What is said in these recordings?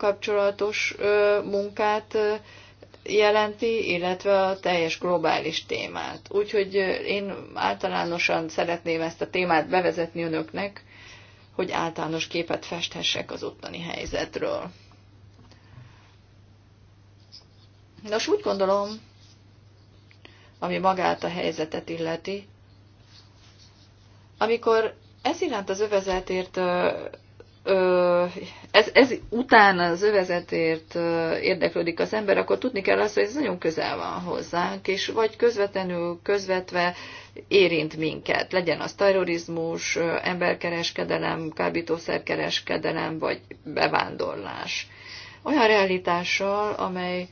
kapcsolatos munkát jelenti, illetve a teljes globális témát. Úgyhogy én általánosan szeretném ezt a témát bevezetni önöknek, hogy általános képet festhessek az ottani helyzetről. Nos, úgy gondolom, ami magát a helyzetet illeti, amikor ez iránt az övezetért ez, ez után az övezetért érdeklődik az ember, akkor tudni kell azt, hogy ez nagyon közel van hozzánk, és vagy közvetlenül, közvetve érint minket. Legyen az terrorizmus, emberkereskedelem, kábítószerkereskedelem, vagy bevándorlás. Olyan realitással, amely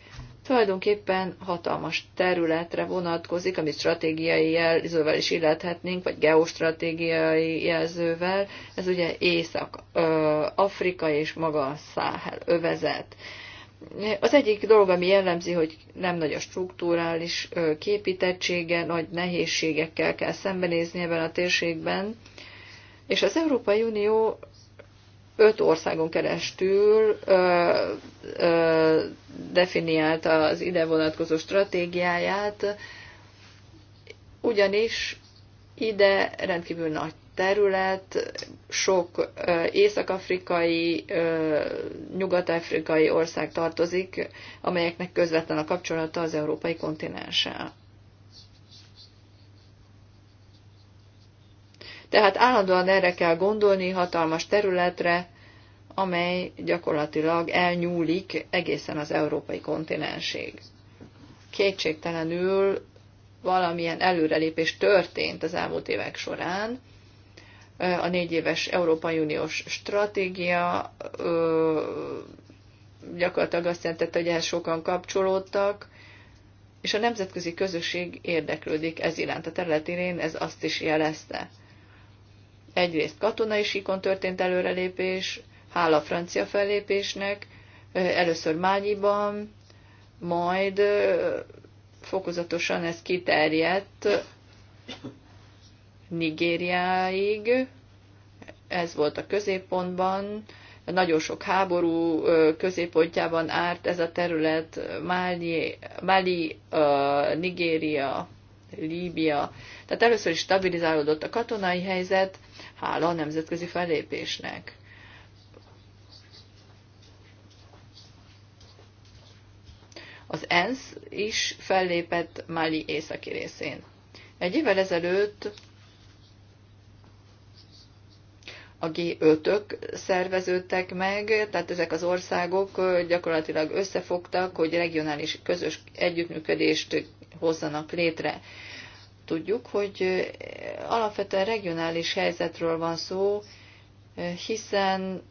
tulajdonképpen hatalmas területre vonatkozik, amit stratégiai jelzővel is illethetnénk, vagy geostratégiai jelzővel. Ez ugye Észak-Afrika és maga a Száhel övezet. Az egyik dolog, ami jellemzi, hogy nem nagy a struktúrális képítettsége, nagy nehézségekkel kell szembenézni ebben a térségben, és az Európai Unió öt országon keresztül ö, ö, definiálta az ide vonatkozó stratégiáját, ugyanis ide rendkívül nagy terület, sok észak-afrikai, nyugat-afrikai ország tartozik, amelyeknek közvetlen a kapcsolata az európai kontinenssel. Tehát állandóan erre kell gondolni, hatalmas területre, amely gyakorlatilag elnyúlik egészen az európai kontinenség. Kétségtelenül valamilyen előrelépés történt az elmúlt évek során. A négy éves Európai Uniós stratégia gyakorlatilag azt jelentette, hogy ehhez sokan kapcsolódtak, és a nemzetközi közösség érdeklődik ez iránt a területén, ez azt is jelezte. Egyrészt katonai síkon történt előrelépés, hála francia fellépésnek, először Mányiban, majd fokozatosan ez kiterjedt Nigériáig, ez volt a középpontban, nagyon sok háború középpontjában árt ez a terület, Mali, Mali Nigéria, Líbia. Tehát először is stabilizálódott a katonai helyzet, hála a nemzetközi fellépésnek. Az ENSZ is fellépett Mali északi részén. Egy évvel ezelőtt a G5-ök szerveződtek meg, tehát ezek az országok gyakorlatilag összefogtak, hogy regionális közös együttműködést hozzanak létre tudjuk, hogy eh, alapvetően regionális helyzetről van szó, eh, hiszen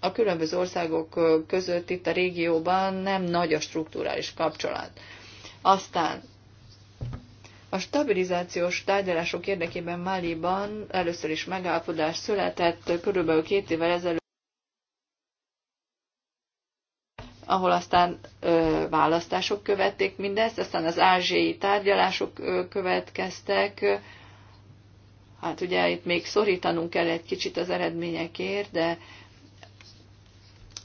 a különböző országok eh, között itt a régióban nem nagy a struktúrális kapcsolat. Aztán a stabilizációs tárgyalások érdekében Máliban először is megállapodás született körülbelül két évvel ezelőtt, ahol aztán ö, választások követték mindezt, aztán az ázsiai tárgyalások következtek. Hát ugye itt még szorítanunk kell egy kicsit az eredményekért, de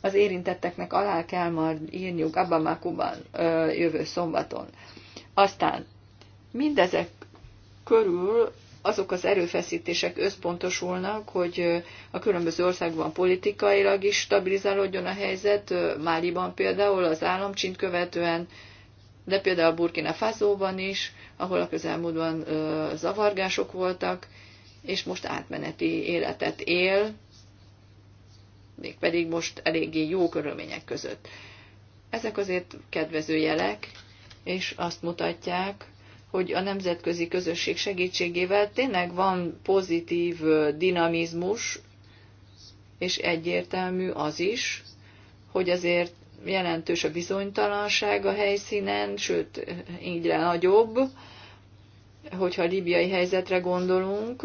az érintetteknek alá kell majd írniuk Abamakuban jövő szombaton. Aztán mindezek körül azok az erőfeszítések összpontosulnak, hogy a különböző országban politikailag is stabilizálódjon a helyzet, Máliban például az államcsint követően, de például Burkina faso is, ahol a közelmúltban zavargások voltak, és most átmeneti életet él, mégpedig most eléggé jó körülmények között. Ezek azért kedvező jelek, és azt mutatják, hogy a nemzetközi közösség segítségével tényleg van pozitív dinamizmus, és egyértelmű az is, hogy azért jelentős a bizonytalanság a helyszínen, sőt, egyre nagyobb, hogyha a libiai helyzetre gondolunk.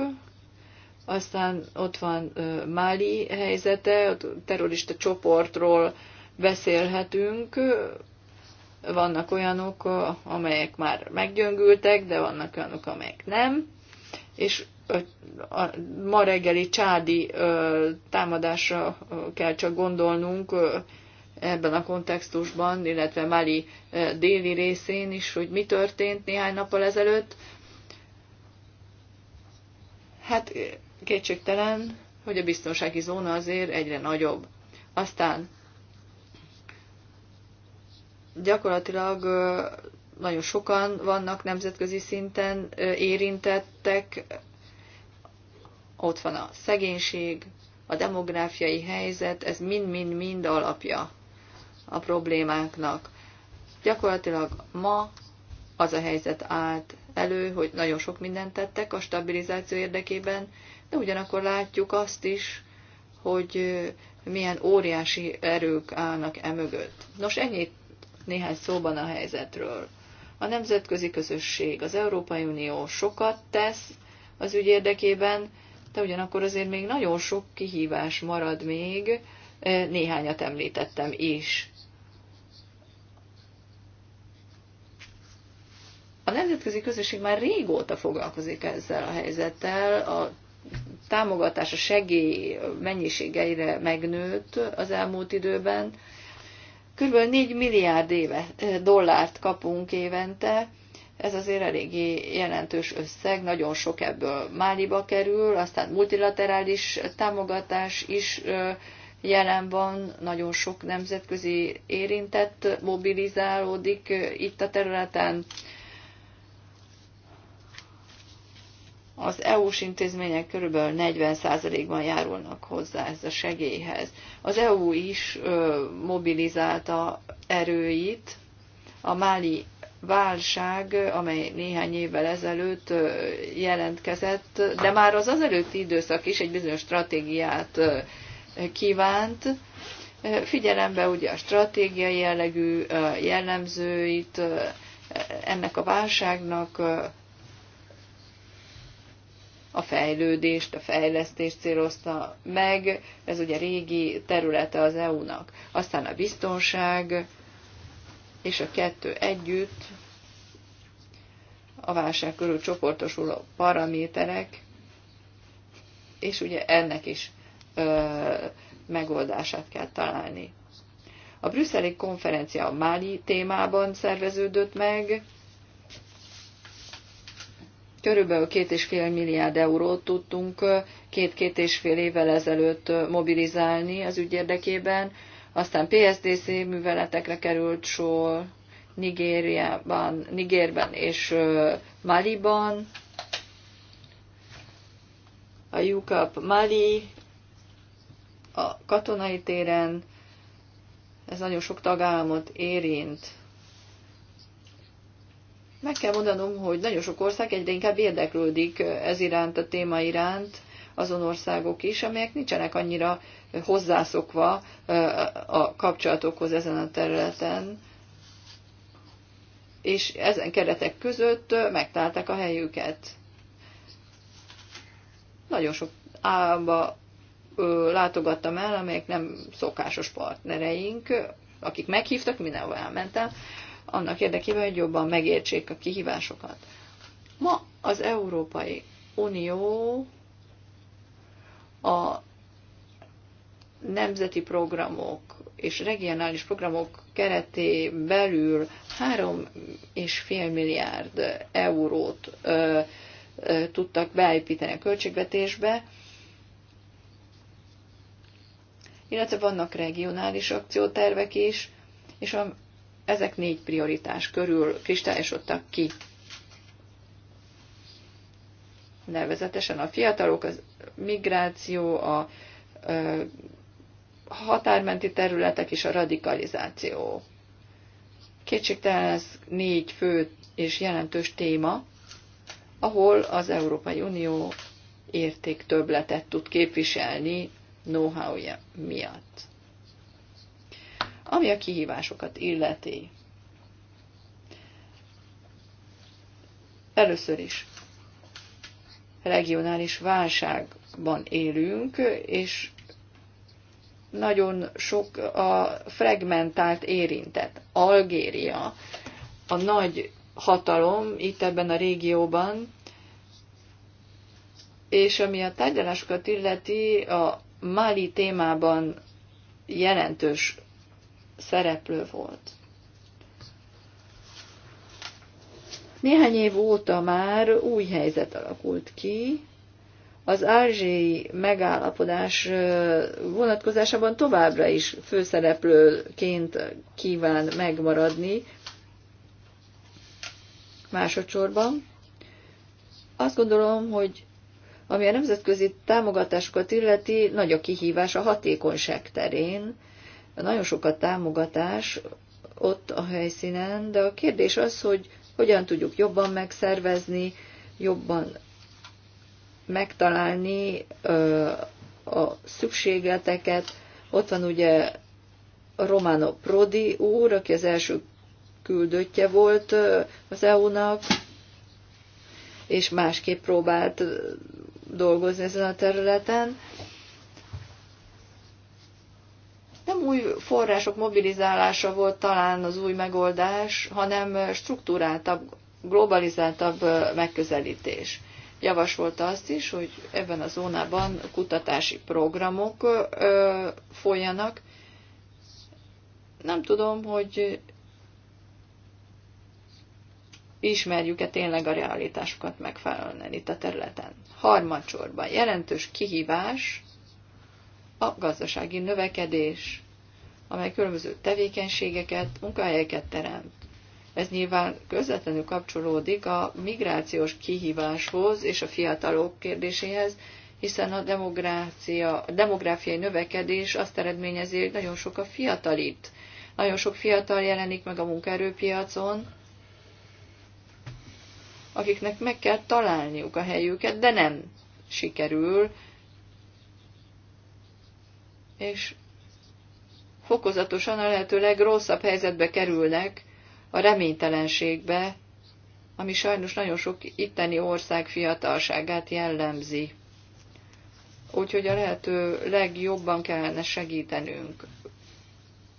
Aztán ott van Máli helyzete, a terrorista csoportról beszélhetünk, vannak olyanok, amelyek már meggyöngültek, de vannak olyanok, amelyek nem. És a ma reggeli csádi támadásra kell csak gondolnunk ebben a kontextusban, illetve Mali déli részén is, hogy mi történt néhány nappal ezelőtt. Hát kétségtelen, hogy a biztonsági zóna azért egyre nagyobb. Aztán gyakorlatilag nagyon sokan vannak nemzetközi szinten érintettek. Ott van a szegénység, a demográfiai helyzet, ez mind-mind-mind alapja a problémáknak. Gyakorlatilag ma az a helyzet állt elő, hogy nagyon sok mindent tettek a stabilizáció érdekében, de ugyanakkor látjuk azt is, hogy milyen óriási erők állnak emögött. Nos, ennyit néhány szóban a helyzetről. A nemzetközi közösség, az Európai Unió sokat tesz az ügy érdekében, de ugyanakkor azért még nagyon sok kihívás marad még, e, néhányat említettem is. A nemzetközi közösség már régóta foglalkozik ezzel a helyzettel, a támogatás, a segély mennyiségeire megnőtt az elmúlt időben, Kb. 4 milliárd éve, dollárt kapunk évente, ez azért eléggé jelentős összeg, nagyon sok ebből Máliba kerül, aztán multilaterális támogatás is jelen van, nagyon sok nemzetközi érintett mobilizálódik itt a területen, az EU-s intézmények körülbelül 40%-ban járulnak hozzá ez a segélyhez. Az EU is ö, mobilizálta erőit. A máli válság, amely néhány évvel ezelőtt jelentkezett, de már az azelőtti időszak is egy bizonyos stratégiát kívánt, figyelembe ugye a stratégiai jellegű jellemzőit ennek a válságnak, a fejlődést, a fejlesztést célozta meg, ez ugye régi területe az EU-nak. Aztán a biztonság és a kettő együtt, a válság körül csoportosuló paraméterek, és ugye ennek is ö, megoldását kell találni. A brüsszeli konferencia a Máli témában szerveződött meg, Körülbelül két és fél milliárd eurót tudtunk két-két és fél évvel ezelőtt mobilizálni az ügy érdekében, aztán PSDC műveletekre került sor, Nigériában, Nigérben és Maliban, a UCAP Mali, a katonai téren, ez nagyon sok tagállamot érint. Meg kell mondanom, hogy nagyon sok ország egyre inkább érdeklődik ez iránt, a téma iránt, azon országok is, amelyek nincsenek annyira hozzászokva a kapcsolatokhoz ezen a területen, és ezen keretek között megtalálták a helyüket. Nagyon sok államba látogattam el, amelyek nem szokásos partnereink, akik meghívtak, mindenhol elmentem, annak érdekében, hogy jobban megértsék a kihívásokat. Ma az Európai Unió a nemzeti programok és regionális programok kereté belül 3,5 milliárd eurót ö, ö, tudtak beépíteni a költségvetésbe, illetve vannak regionális akciótervek is, és ezek négy prioritás körül kristályosodtak ki. Nevezetesen a fiatalok, a migráció, a határmenti területek és a radikalizáció. Kétségtelen ez négy fő és jelentős téma, ahol az Európai Unió értéktöbletet tud képviselni know-how -ja miatt. Ami a kihívásokat illeti. Először is regionális válságban élünk, és nagyon sok a fragmentált érintett. Algéria, a nagy hatalom itt ebben a régióban, és ami a tárgyalásokat illeti, a Mali témában jelentős szereplő volt. Néhány év óta már új helyzet alakult ki, az ázsiai megállapodás vonatkozásában továbbra is főszereplőként kíván megmaradni. Másodszorban azt gondolom, hogy ami a nemzetközi támogatásokat illeti, nagy a kihívás a hatékonyság terén, nagyon sok a támogatás ott a helyszínen, de a kérdés az, hogy hogyan tudjuk jobban megszervezni, jobban megtalálni a szükségleteket. Ott van ugye Romano Prodi úr, aki az első küldöttje volt az EU-nak, és másképp próbált dolgozni ezen a területen. nem új források mobilizálása volt talán az új megoldás, hanem struktúráltabb, globalizáltabb megközelítés. Javasolta azt is, hogy ebben a zónában kutatási programok folyanak. Nem tudom, hogy ismerjük-e tényleg a realitásokat megfelelően itt a területen. Harmadsorban jelentős kihívás a gazdasági növekedés amely különböző tevékenységeket, munkahelyeket teremt. Ez nyilván közvetlenül kapcsolódik a migrációs kihíváshoz és a fiatalok kérdéséhez, hiszen a, demográcia, a demográfiai növekedés azt eredményezi, hogy nagyon sok a fiatal itt. Nagyon sok fiatal jelenik meg a munkaerőpiacon, akiknek meg kell találniuk a helyüket, de nem sikerül, és fokozatosan a lehető legrosszabb helyzetbe kerülnek, a reménytelenségbe, ami sajnos nagyon sok itteni ország fiatalságát jellemzi. Úgyhogy a lehető legjobban kellene segítenünk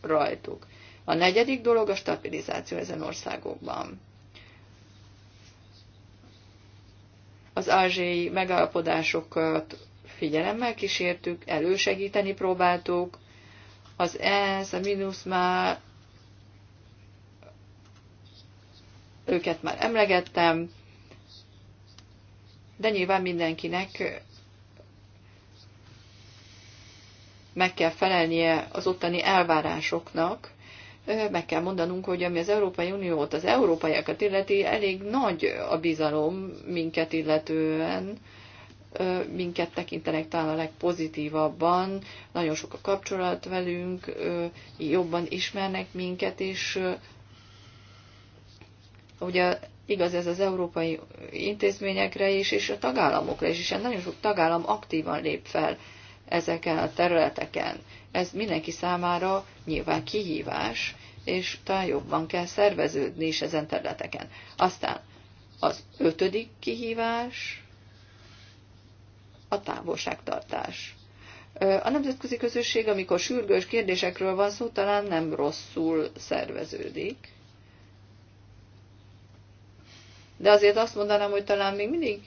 rajtuk. A negyedik dolog a stabilizáció ezen országokban. Az ázsiai megállapodásokat figyelemmel kísértük, elősegíteni próbáltuk, az ez, a mínusz már, őket már emlegettem, de nyilván mindenkinek meg kell felelnie az ottani elvárásoknak, meg kell mondanunk, hogy ami az Európai Uniót, az európaiakat illeti, elég nagy a bizalom minket illetően, minket tekintenek talán a legpozitívabban, nagyon sok a kapcsolat velünk, jobban ismernek minket, és ugye igaz ez az európai intézményekre is, és a tagállamokra is, és nagyon sok tagállam aktívan lép fel ezeken a területeken. Ez mindenki számára nyilván kihívás, és talán jobban kell szerveződni is ezen területeken. Aztán az ötödik kihívás, a távolságtartás. A nemzetközi közösség, amikor sürgős kérdésekről van szó, talán nem rosszul szerveződik. De azért azt mondanám, hogy talán még mindig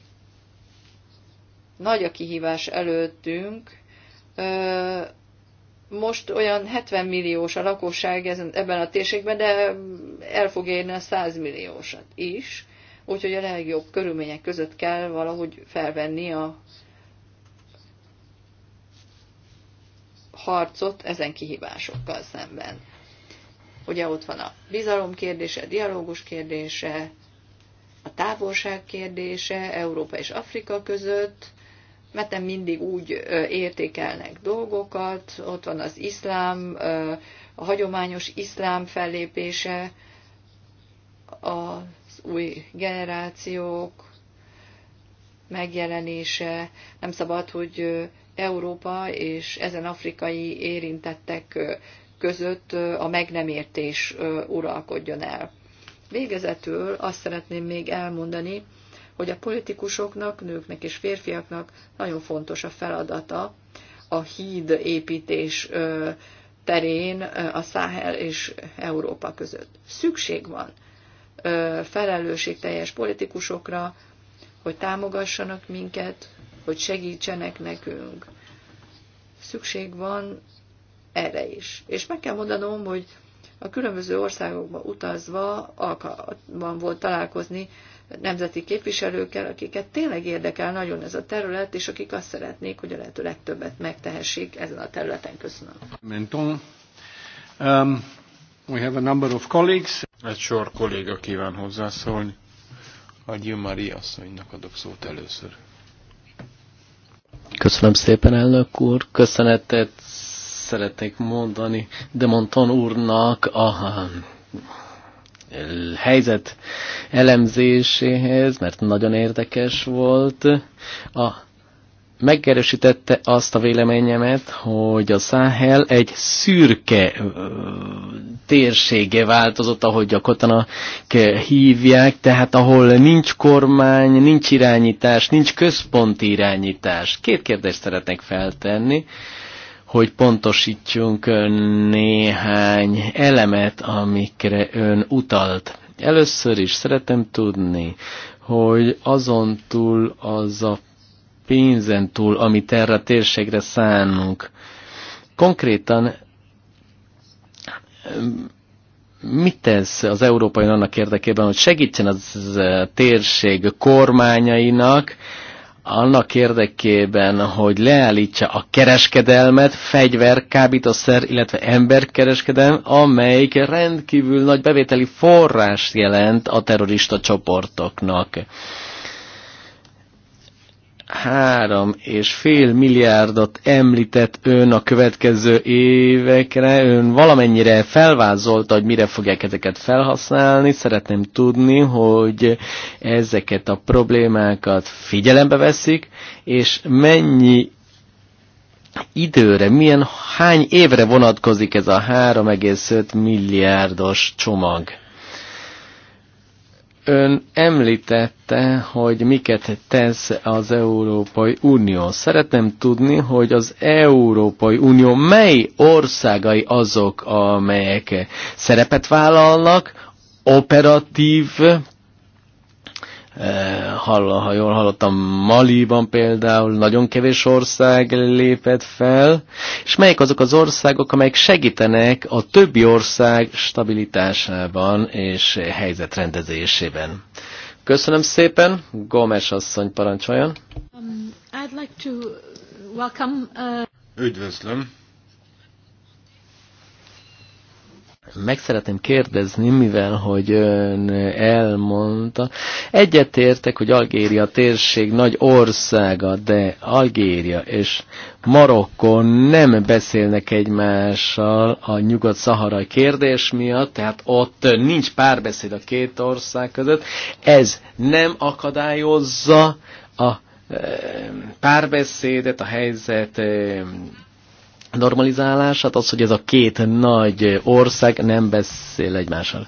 nagy a kihívás előttünk. Most olyan 70 milliós a lakosság ebben a térségben, de el fog érni a 100 milliósat is. Úgyhogy a legjobb körülmények között kell valahogy felvenni a harcot ezen kihívásokkal szemben. Ugye ott van a bizalom kérdése, a dialógus kérdése, a távolság kérdése Európa és Afrika között, mert nem mindig úgy értékelnek dolgokat, ott van az iszlám, a hagyományos iszlám fellépése, az új generációk megjelenése, nem szabad, hogy Európa és ezen afrikai érintettek között a meg nem értés uralkodjon el. Végezetül azt szeretném még elmondani, hogy a politikusoknak, nőknek és férfiaknak nagyon fontos a feladata a híd építés terén a Száhel és Európa között. Szükség van felelősségteljes politikusokra, hogy támogassanak minket, hogy segítsenek nekünk. Szükség van erre is. És meg kell mondanom, hogy a különböző országokba utazva alkalmam volt találkozni nemzeti képviselőkkel, akiket tényleg érdekel nagyon ez a terület, és akik azt szeretnék, hogy a lehető legtöbbet megtehessék ezen a területen. Köszönöm. Menton. Um, we have a number of colleagues. Egy sor kolléga kíván hozzászólni. A Maria asszonynak adok szót először. Köszönöm szépen, elnök úr. Köszönetet szeretnék mondani Demonton úrnak a helyzet elemzéséhez, mert nagyon érdekes volt. A megerősítette azt a véleményemet, hogy a Száhel egy szürke térsége változott, ahogy a kotanak hívják, tehát ahol nincs kormány, nincs irányítás, nincs központi irányítás. Két kérdést szeretnék feltenni hogy pontosítsunk néhány elemet, amikre ön utalt. Először is szeretem tudni, hogy azon túl az a pénzen túl, amit erre a térségre szánunk. Konkrétan mit tesz az Európai annak érdekében, hogy segítsen az térség kormányainak, annak érdekében, hogy leállítsa a kereskedelmet, fegyver, kábítószer, illetve emberkereskedelm, amelyik rendkívül nagy bevételi forrás jelent a terrorista csoportoknak. Három és fél milliárdot említett ön a következő évekre, ön valamennyire felvázolta, hogy mire fogják ezeket felhasználni. Szeretném tudni, hogy ezeket a problémákat figyelembe veszik, és mennyi időre, milyen hány évre vonatkozik ez a 3,5 milliárdos csomag? Ön említette, hogy miket tesz az Európai Unió. Szeretném tudni, hogy az Európai Unió mely országai azok, amelyek szerepet vállalnak operatív Eh, ha jól hallottam, Maliban például nagyon kevés ország lépett fel, és melyik azok az országok, amelyek segítenek a többi ország stabilitásában és helyzetrendezésében. Köszönöm szépen, Gómez asszony parancsoljon. Um, I'd like to welcome, uh... Üdvözlöm meg szeretném kérdezni, mivel hogy ön elmondta, egyetértek, hogy Algéria térség nagy országa, de Algéria és Marokkó nem beszélnek egymással a nyugat-szaharai kérdés miatt, tehát ott nincs párbeszéd a két ország között. Ez nem akadályozza a eh, párbeszédet, a helyzet eh, normalizálás, hát az, hogy ez a két nagy ország nem beszél egymással.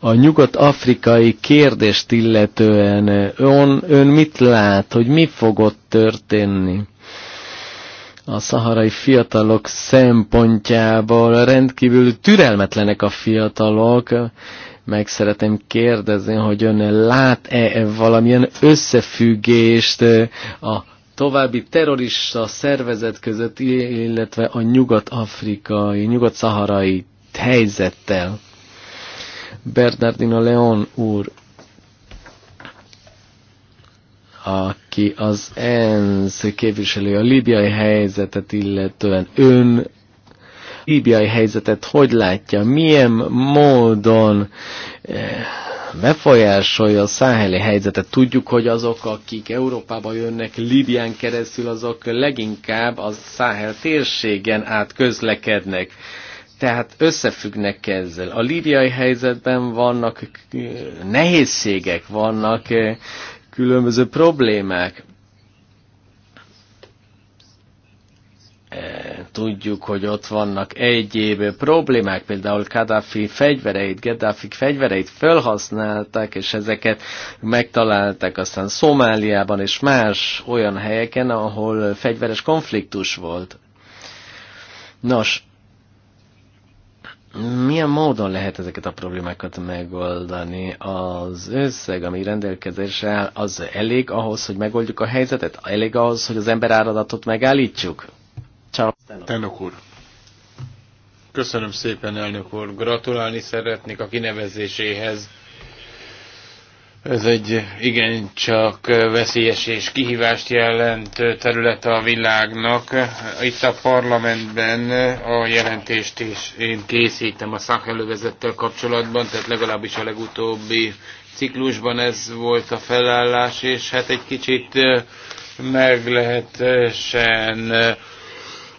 A nyugat-afrikai kérdést illetően ön, ön mit lát, hogy mi fogott történni? a szaharai fiatalok szempontjából rendkívül türelmetlenek a fiatalok. Meg szeretném kérdezni, hogy ön lát-e valamilyen összefüggést a további terrorista szervezet között, illetve a nyugat-afrikai, nyugat-szaharai helyzettel. Bernardino Leon úr, aki az ENSZ képviselő a libiai helyzetet illetően ön libiai helyzetet hogy látja, milyen módon eh, befolyásolja a száheli helyzetet. Tudjuk, hogy azok, akik Európába jönnek Libyán keresztül, azok leginkább a száhel térségen át közlekednek. Tehát összefüggnek ezzel. A líbiai helyzetben vannak nehézségek, vannak eh, különböző problémák eh, tudjuk, hogy ott vannak egyéb problémák, például Kadhafi fegyvereit, Gaddafi fegyvereit felhasználták, és ezeket megtalálták aztán Szomáliában és más olyan helyeken, ahol fegyveres konfliktus volt. Nos, milyen módon lehet ezeket a problémákat megoldani? Az összeg, ami rendelkezésre áll, az elég ahhoz, hogy megoldjuk a helyzetet? Elég ahhoz, hogy az emberáradatot megállítsuk? Ciao. Tenok úr. Köszönöm szépen, elnök úr. Gratulálni szeretnék a kinevezéséhez. Ez egy igencsak veszélyes és kihívást jelent terület a világnak. Itt a parlamentben a jelentést is én készítem a szakelővezettel kapcsolatban, tehát legalábbis a legutóbbi ciklusban ez volt a felállás, és hát egy kicsit meglehetősen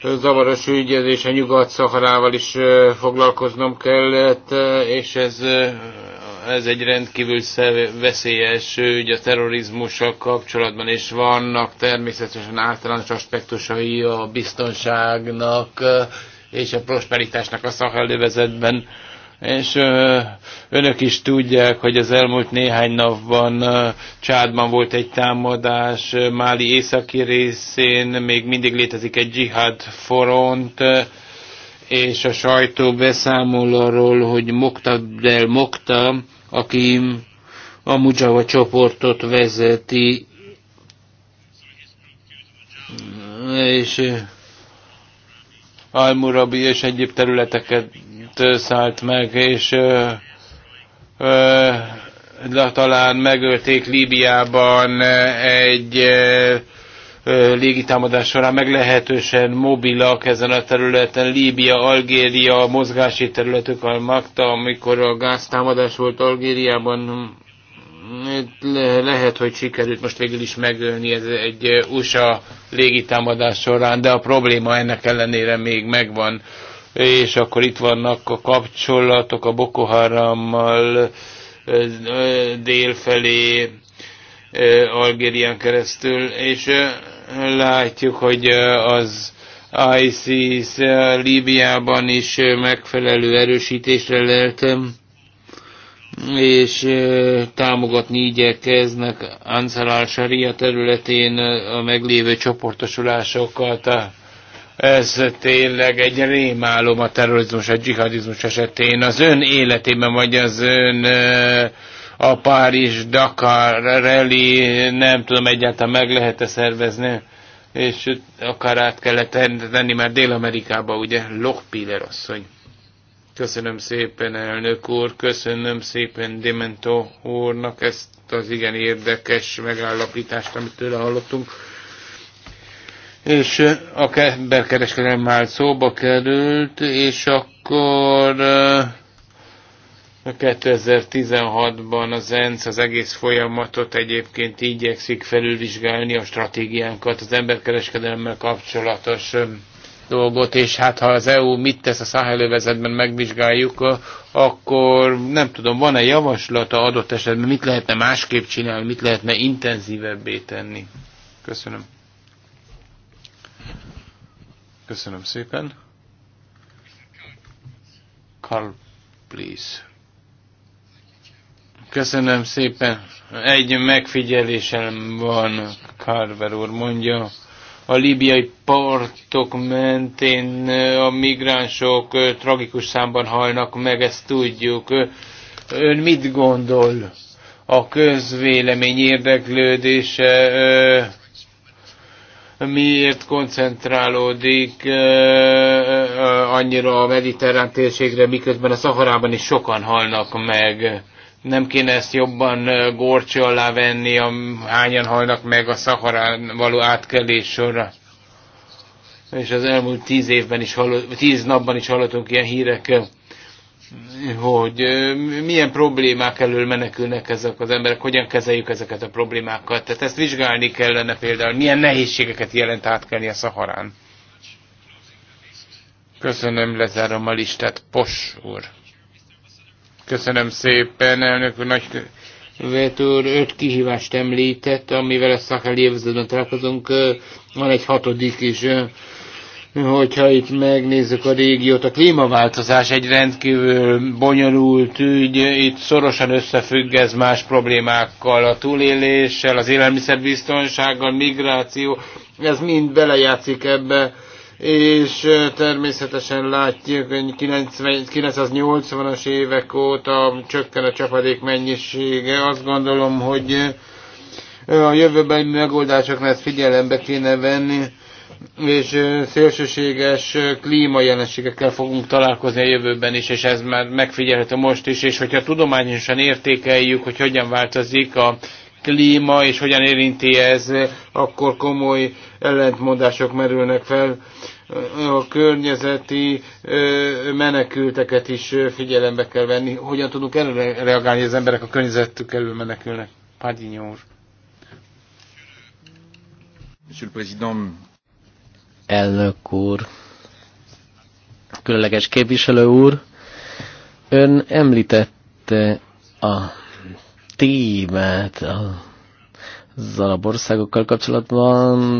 zavaros ügy, és a Nyugat-Szaharával is foglalkoznom kellett, és ez, ez egy rendkívül veszélyes ügy a terrorizmussal kapcsolatban, és vannak természetesen általános aspektusai a biztonságnak és a prosperitásnak a Szahel övezetben és ö, önök is tudják, hogy az elmúlt néhány napban ö, Csádban volt egy támadás, ö, Máli északi részén még mindig létezik egy dzsihad foront, ö, és a sajtó beszámol arról, hogy Mokta del Mokta, aki a Mujava csoportot vezeti, és Almurabi és egyéb területeket szállt meg, és ö, talán megölték Líbiában egy ö, légitámadás során meglehetősen mobilak ezen a területen. Líbia, Algéria, mozgási területük a Magta, amikor a gáztámadás volt Algériában, lehet, hogy sikerült most végül is megölni ez egy USA légitámadás során, de a probléma ennek ellenére még megvan. És akkor itt vannak a kapcsolatok a Boko Harammal délfelé, Algérián keresztül, és látjuk, hogy az ISIS Líbiában is megfelelő erősítésre leltem és támogatni igyekeznek Ansar al-Sharia területén a meglévő csoportosulásokat. Ez tényleg egy rémálom a terrorizmus, a dzsihadizmus esetén. Az ön életében, vagy az ön a Párizs-Dakar rally, nem tudom, egyáltalán meg lehet-e szervezni, és akár át kellett tenni már Dél-Amerikába, ugye, Lochpiller asszony. Köszönöm szépen, elnök úr, köszönöm szépen Demento úrnak ezt az igen érdekes megállapítást, amit tőle hallottunk. És a emberkereskedelem már szóba került, és akkor 2016-ban az ENSZ e az egész folyamatot egyébként igyekszik felülvizsgálni a stratégiánkat az emberkereskedelemmel kapcsolatos dolgot, és hát ha az EU mit tesz a száhelővezetben megvizsgáljuk, akkor nem tudom, van-e javaslata adott esetben, mit lehetne másképp csinálni, mit lehetne intenzívebbé tenni. Köszönöm. Köszönöm szépen. Carl, please. Köszönöm szépen. Egy megfigyelésem van, Carver úr mondja a líbiai partok mentén a migránsok tragikus számban halnak meg, ezt tudjuk. Ön mit gondol? A közvélemény érdeklődése miért koncentrálódik annyira a mediterrán térségre, miközben a Szaharában is sokan halnak meg? nem kéne ezt jobban górcső alá venni, a hányan halnak meg a szaharán való átkelés sorra. És az elmúlt tíz évben is hallott, tíz napban is hallottunk ilyen hírek, hogy milyen problémák elől menekülnek ezek az emberek, hogyan kezeljük ezeket a problémákat. Tehát ezt vizsgálni kellene például, milyen nehézségeket jelent átkelni a szaharán. Köszönöm, lezárom a listát. Pos úr. Köszönöm szépen, elnök úr, nagy vetőr öt kihívást említett, amivel a szakeli évzőben találkozunk. Van egy hatodik is, hogyha itt megnézzük a régiót, a klímaváltozás egy rendkívül bonyolult ügy, itt szorosan összefügg ez más problémákkal, a túléléssel, az élelmiszerbiztonsággal, migráció, ez mind belejátszik ebbe és természetesen látjuk, hogy 980-as évek óta csökken a csapadék mennyisége. Azt gondolom, hogy a jövőben megoldásoknál ezt figyelembe kéne venni, és szélsőséges klímajelenségekkel fogunk találkozni a jövőben is, és ez már megfigyelhető most is, és hogyha tudományosan értékeljük, hogy hogyan változik a klíma, és hogyan érinti ez, akkor komoly ellentmondások merülnek fel. A környezeti menekülteket is figyelembe kell venni. Hogyan tudunk erre reagálni, az emberek a környezetük elől menekülnek? Padinyó úr. Elnök úr, különleges képviselő úr, ön említette a témát a az arab országokkal kapcsolatban,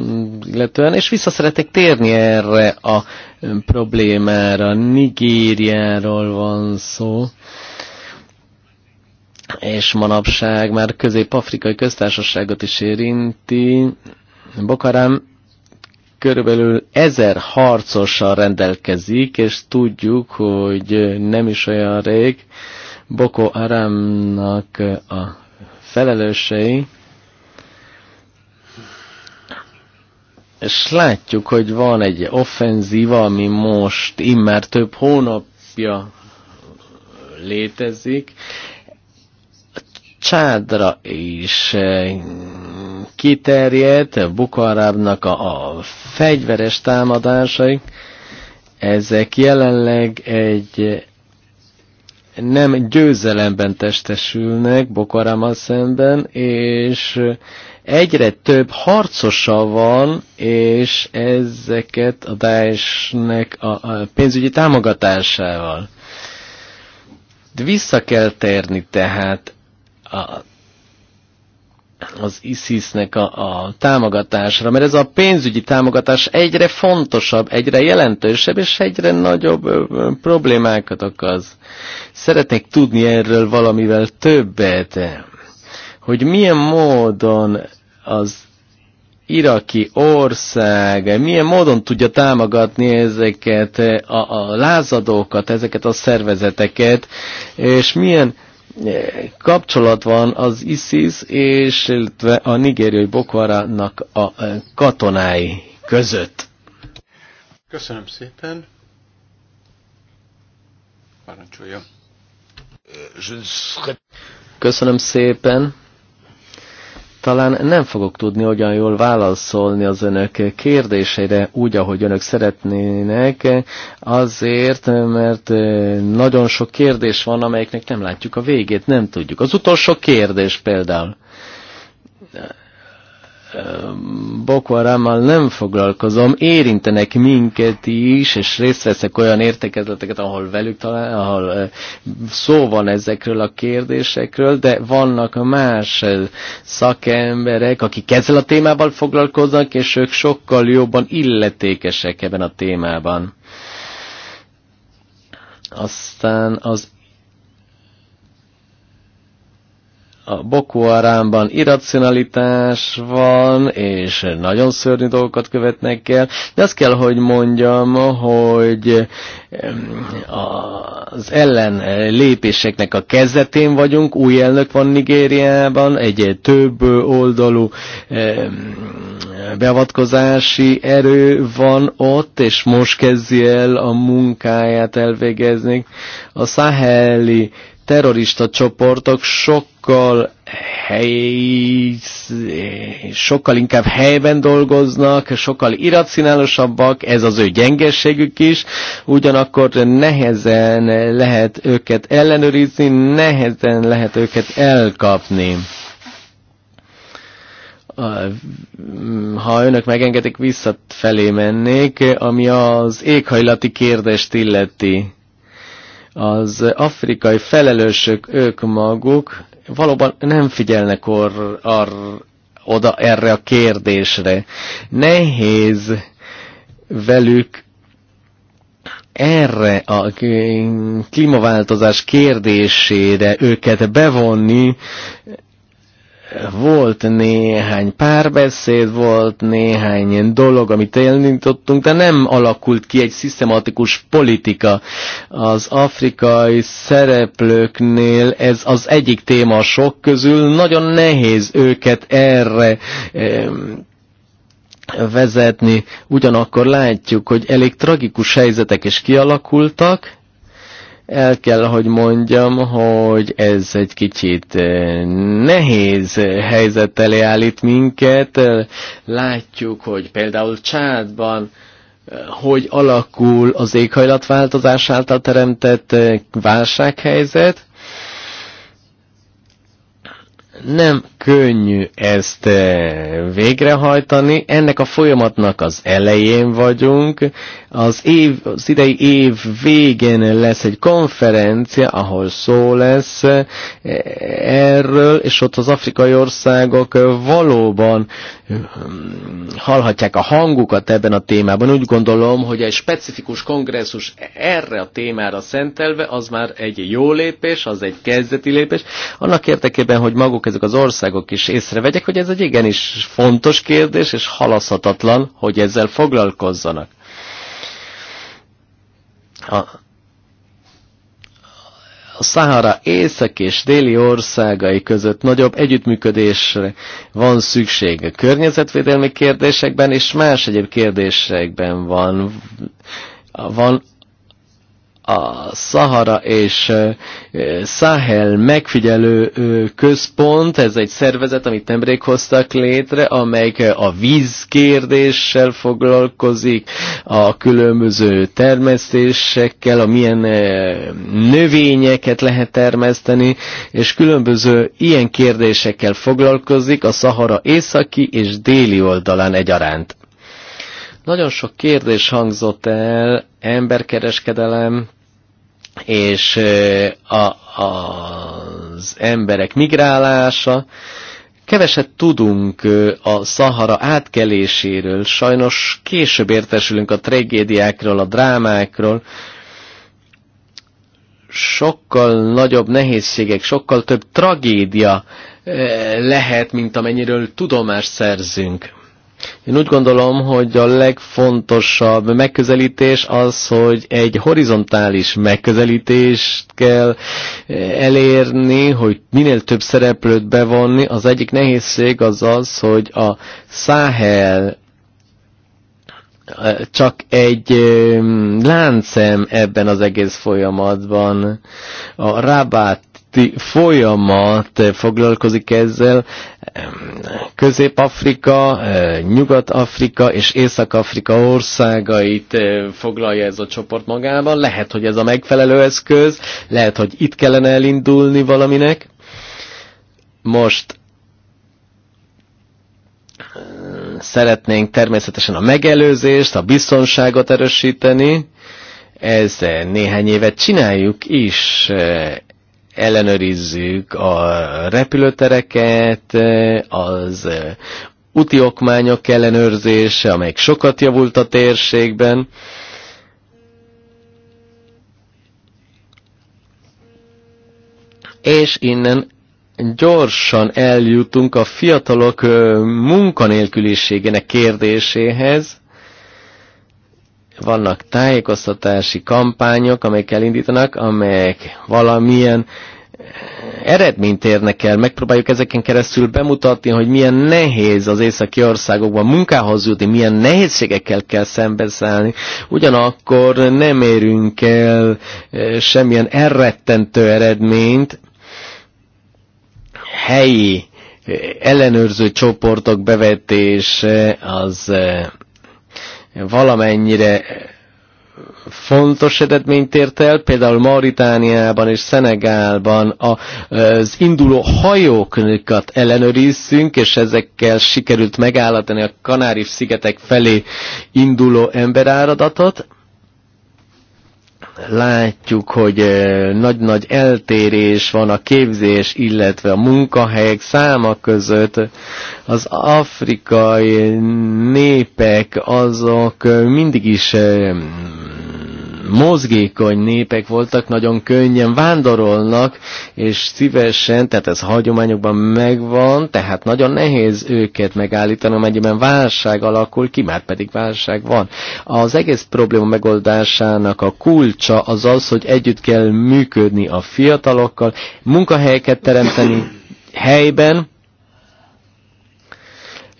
illetően, és vissza szeretek térni erre a problémára. Nigériáról van szó, és manapság már közép-afrikai köztársaságot is érinti. Bokarám körülbelül ezer harcossal rendelkezik, és tudjuk, hogy nem is olyan rég, Boko Haramnak a felelősei, és látjuk, hogy van egy offenzíva, ami most immár több hónapja létezik. Csádra is eh, kiterjedt, Bukarábnak a, a fegyveres támadásai, ezek jelenleg egy nem győzelemben testesülnek Bokarámmal szemben, és egyre több harcosa van, és ezeket a Daesh-nek a pénzügyi támogatásával. Vissza kell térni tehát a az ISIS-nek a, a támogatásra, mert ez a pénzügyi támogatás egyre fontosabb, egyre jelentősebb, és egyre nagyobb ö, ö, problémákat okoz. Szeretnék tudni erről valamivel többet, hogy milyen módon az iraki ország milyen módon tudja támogatni ezeket a, a lázadókat, ezeket a szervezeteket, és milyen Eh, kapcsolat van az ISIS és a nigériai Bokvarának a eh, katonái között. Köszönöm szépen. Parancsolja. Eh, Köszönöm szépen. Talán nem fogok tudni olyan jól válaszolni az önök kérdéseire úgy, ahogy önök szeretnének, azért, mert nagyon sok kérdés van, amelyeknek nem látjuk a végét, nem tudjuk. Az utolsó kérdés például. Boko Harammal nem foglalkozom, érintenek minket is, és részt veszek olyan értekezleteket, ahol velük talán, ahol eh, szó van ezekről a kérdésekről, de vannak más eh, szakemberek, akik ezzel a témával foglalkoznak, és ők sokkal jobban illetékesek ebben a témában. Aztán az a Boko Haramban irracionalitás van, és nagyon szörnyű dolgokat követnek el, de azt kell, hogy mondjam, hogy az ellen lépéseknek a kezdetén vagyunk, új elnök van Nigériában, egy több oldalú beavatkozási erő van ott, és most kezdi el a munkáját elvégezni. A száheli terrorista csoportok sok sokkal hely, sokkal inkább helyben dolgoznak, sokkal irracionálisabbak, ez az ő gyengességük is, ugyanakkor nehezen lehet őket ellenőrizni, nehezen lehet őket elkapni ha önök megengedik, visszafelé mennék, ami az éghajlati kérdést illeti. Az afrikai felelősök, ők maguk valóban nem figyelnek or, ar, oda erre a kérdésre. Nehéz velük erre a klímaváltozás kérdésére őket bevonni volt néhány párbeszéd, volt néhány ilyen dolog, amit elindítottunk, de nem alakult ki egy szisztematikus politika. Az afrikai szereplőknél ez az egyik téma a sok közül, nagyon nehéz őket erre vezetni, ugyanakkor látjuk, hogy elég tragikus helyzetek is kialakultak, el kell, hogy mondjam, hogy ez egy kicsit eh, nehéz helyzet elé állít minket. Látjuk, hogy például Csádban eh, hogy alakul az éghajlatváltozás által teremtett eh, válsághelyzet, nem könnyű ezt eh, végrehajtani. Ennek a folyamatnak az elején vagyunk. Az, év, az idei év végén lesz egy konferencia, ahol szó lesz eh, erről, és ott az afrikai országok valóban hm, hallhatják a hangukat ebben a témában. Úgy gondolom, hogy egy specifikus kongresszus erre a témára szentelve, az már egy jó lépés, az egy kezdeti lépés. Annak érdekében, hogy maguk ezek az országok is észrevegyek, hogy ez egy igenis fontos kérdés, és halaszhatatlan, hogy ezzel foglalkozzanak. A, a Szahara észak és déli országai között nagyobb együttműködésre van szükség a környezetvédelmi kérdésekben, és más egyéb kérdésekben van. Van a Szahara és Sahel megfigyelő központ, ez egy szervezet, amit nemrég hoztak létre, amelyik a vízkérdéssel foglalkozik, a különböző termesztésekkel, a milyen növényeket lehet termeszteni, és különböző ilyen kérdésekkel foglalkozik a Szahara északi és déli oldalán egyaránt. Nagyon sok kérdés hangzott el, emberkereskedelem, és a, az emberek migrálása. Keveset tudunk a Szahara átkeléséről, sajnos később értesülünk a tragédiákról, a drámákról, sokkal nagyobb nehézségek, sokkal több tragédia lehet, mint amennyiről tudomást szerzünk. Én úgy gondolom, hogy a legfontosabb megközelítés az, hogy egy horizontális megközelítést kell eh, elérni, hogy minél több szereplőt bevonni. Az egyik nehézség az az, hogy a Száhel eh, csak egy eh, láncem ebben az egész folyamatban. A Rabat folyamat eh, foglalkozik ezzel. Közép-Afrika, eh, Nyugat-Afrika és Észak-Afrika országait eh, foglalja ez a csoport magában. Lehet, hogy ez a megfelelő eszköz, lehet, hogy itt kellene elindulni valaminek. Most szeretnénk természetesen a megelőzést, a biztonságot erősíteni. Ez néhány évet csináljuk is ellenőrizzük a repülőtereket, az eh, úti okmányok ellenőrzése, amelyik sokat javult a térségben. És innen gyorsan eljutunk a fiatalok eh, munkanélküliségének kérdéséhez, vannak tájékoztatási kampányok, amelyek elindítanak, amelyek valamilyen eh, eredményt érnek el. Megpróbáljuk ezeken keresztül bemutatni, hogy milyen nehéz az északi országokban munkához jutni, milyen nehézségekkel kell szembeszállni. Ugyanakkor nem érünk el eh, semmilyen elrettentő eredményt helyi eh, ellenőrző csoportok bevetése az valamennyire fontos eredményt ért el, például Mauritániában és Szenegálban az induló hajókat ellenőrizzünk, és ezekkel sikerült megállítani a Kanári-szigetek felé induló emberáradatot, látjuk, hogy eh, nagy-nagy eltérés van a képzés, illetve a munkahelyek száma között. Az afrikai népek azok eh, mindig is eh, mozgékony népek voltak, nagyon könnyen vándorolnak, és szívesen, tehát ez hagyományokban megvan, tehát nagyon nehéz őket megállítani, amennyiben válság alakul ki, már pedig válság van. Az egész probléma megoldásának a kulcsa az az, hogy együtt kell működni a fiatalokkal, munkahelyeket teremteni helyben,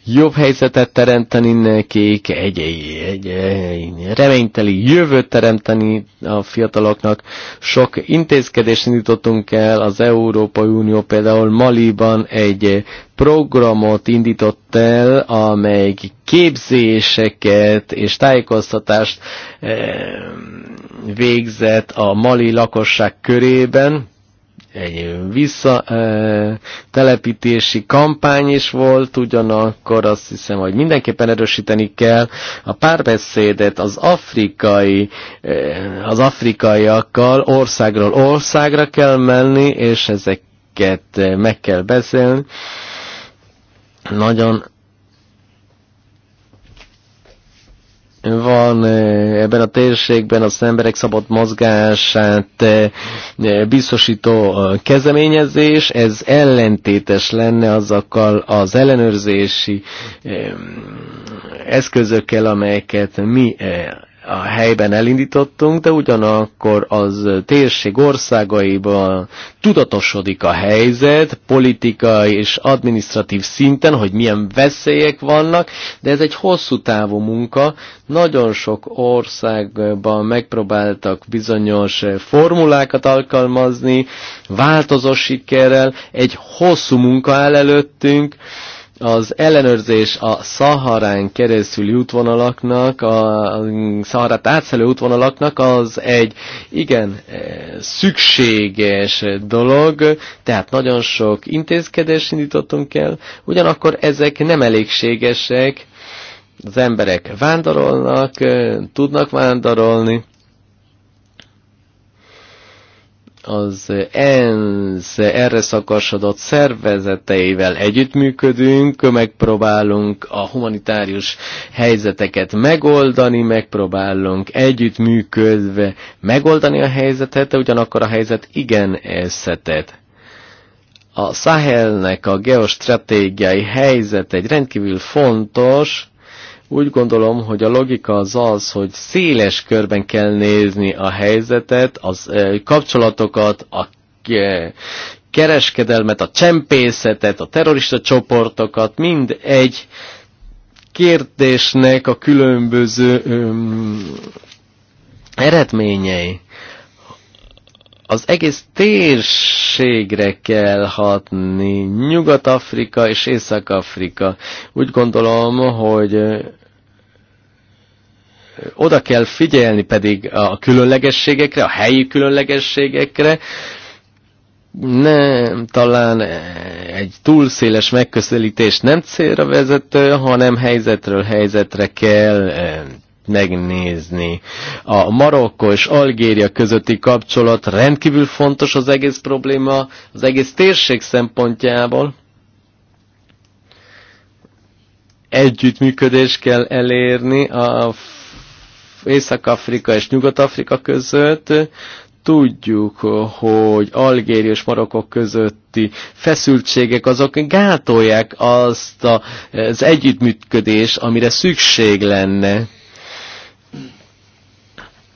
jobb helyzetet teremteni nekik, egy, egy, egy reményteli jövőt teremteni a fiataloknak. Sok intézkedést indítottunk el, az Európai Unió például Maliban egy programot indított el, amely képzéseket és tájékoztatást eh, végzett a mali lakosság körében, egy vissza telepítési kampány is volt, ugyanakkor azt hiszem, hogy mindenképpen erősíteni kell a párbeszédet az afrikai, az afrikaiakkal országról országra kell menni, és ezeket meg kell beszélni. Nagyon van eh, ebben a térségben az emberek szabad mozgását eh, eh, biztosító kezeményezés, ez ellentétes lenne azokkal az ellenőrzési eszközökkel, amelyeket mi a helyben elindítottunk, de ugyanakkor az térség országaiban tudatosodik a helyzet, politikai és administratív szinten, hogy milyen veszélyek vannak, de ez egy hosszú távú munka. Nagyon sok országban megpróbáltak bizonyos formulákat alkalmazni, változó sikerrel, egy hosszú munka áll előttünk, az ellenőrzés a Szaharán keresztüli útvonalaknak, a Szaharát átszelő útvonalaknak az egy igen e, szükséges dolog, tehát nagyon sok intézkedést indítottunk el, ugyanakkor ezek nem elégségesek, az emberek vándorolnak, e, tudnak vándorolni, az ENSZ erre szakasodott szervezeteivel együttműködünk, megpróbálunk a humanitárius helyzeteket megoldani, megpróbálunk együttműködve megoldani a helyzetet, de ugyanakkor a helyzet igen összetett. A Sahelnek a geostratégiai helyzet egy rendkívül fontos, úgy gondolom, hogy a logika az az, hogy széles körben kell nézni a helyzetet, az kapcsolatokat, a kereskedelmet, a csempészetet, a terrorista csoportokat, mind egy kérdésnek a különböző öm, eredményei. Az egész térségre kell hatni, Nyugat-Afrika és Észak-Afrika. Úgy gondolom, hogy oda kell figyelni pedig a különlegességekre, a helyi különlegességekre, nem, talán egy túl széles megközelítés nem célra vezető, hanem helyzetről helyzetre kell eh, megnézni. A Marokko és Algéria közötti kapcsolat rendkívül fontos az egész probléma, az egész térség szempontjából. Együttműködés kell elérni a Észak-Afrika és Nyugat-Afrika között. Tudjuk, hogy Algéria és Marokkó közötti feszültségek azok gátolják azt a, az együttműködés, amire szükség lenne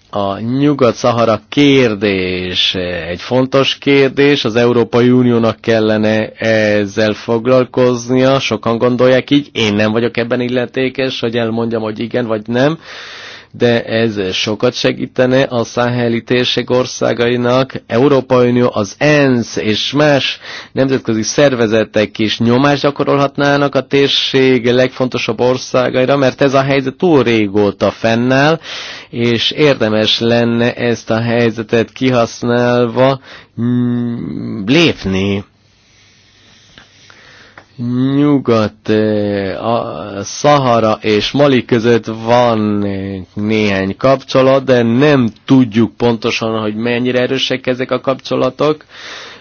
a Nyugat-Szahara kérdés egy fontos kérdés, az Európai Uniónak kellene ezzel foglalkoznia, sokan gondolják így, én nem vagyok ebben illetékes, hogy elmondjam, hogy igen vagy nem, de ez sokat segítene a száheli térség országainak. Európai Unió, az ENSZ és más nemzetközi szervezetek is nyomást gyakorolhatnának a térség legfontosabb országaira, mert ez a helyzet túl régóta fennáll, és érdemes lenne ezt a helyzetet kihasználva mm, lépni nyugat, eh, a Szahara és Mali között van eh, néhány kapcsolat, de nem tudjuk pontosan, hogy mennyire erősek ezek a kapcsolatok.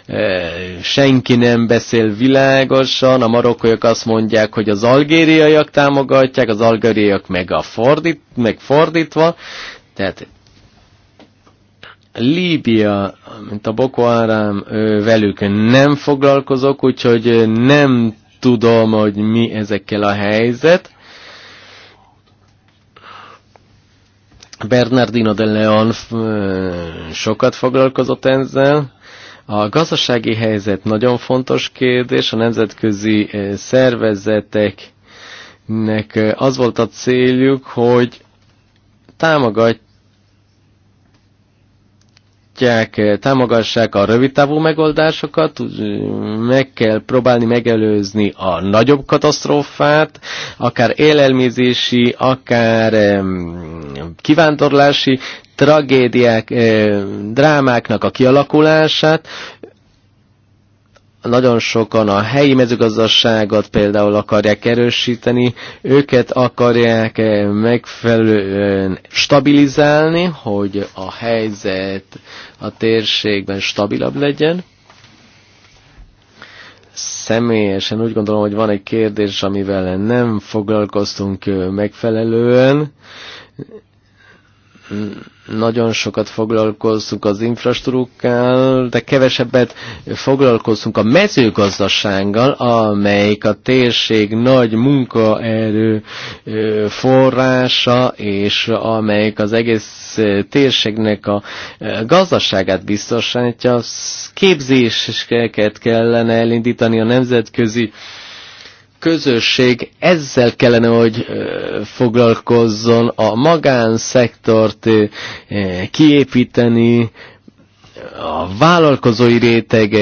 Eh, senki nem beszél világosan, a marokkóiak azt mondják, hogy az algériaiak támogatják, az algériaiak meg, a fordít, meg fordítva. Tehát Líbia, mint a Boko Haram, velük nem foglalkozok, úgyhogy nem tudom, hogy mi ezekkel a helyzet. Bernardino de Leon sokat foglalkozott ezzel. A gazdasági helyzet nagyon fontos kérdés, a nemzetközi szervezeteknek az volt a céljuk, hogy támogat, támogatják, támogassák a rövidtávú megoldásokat, meg kell próbálni megelőzni a nagyobb katasztrófát, akár élelmezési, akár kivándorlási tragédiák, drámáknak a kialakulását, nagyon sokan a helyi mezőgazdaságot például akarják erősíteni, őket akarják eh, megfelelően stabilizálni, hogy a helyzet a térségben stabilabb legyen. Személyesen úgy gondolom, hogy van egy kérdés, amivel nem foglalkoztunk eh, megfelelően nagyon sokat foglalkozunk az infrastruktúrával, de kevesebbet foglalkozunk a mezőgazdasággal, amelyik a térség nagy munkaerő forrása, és amelyik az egész térségnek a gazdaságát biztosítja. Képzéseket kellene elindítani a nemzetközi közösség ezzel kellene, hogy foglalkozzon, a magánszektort kiépíteni, a vállalkozói réteg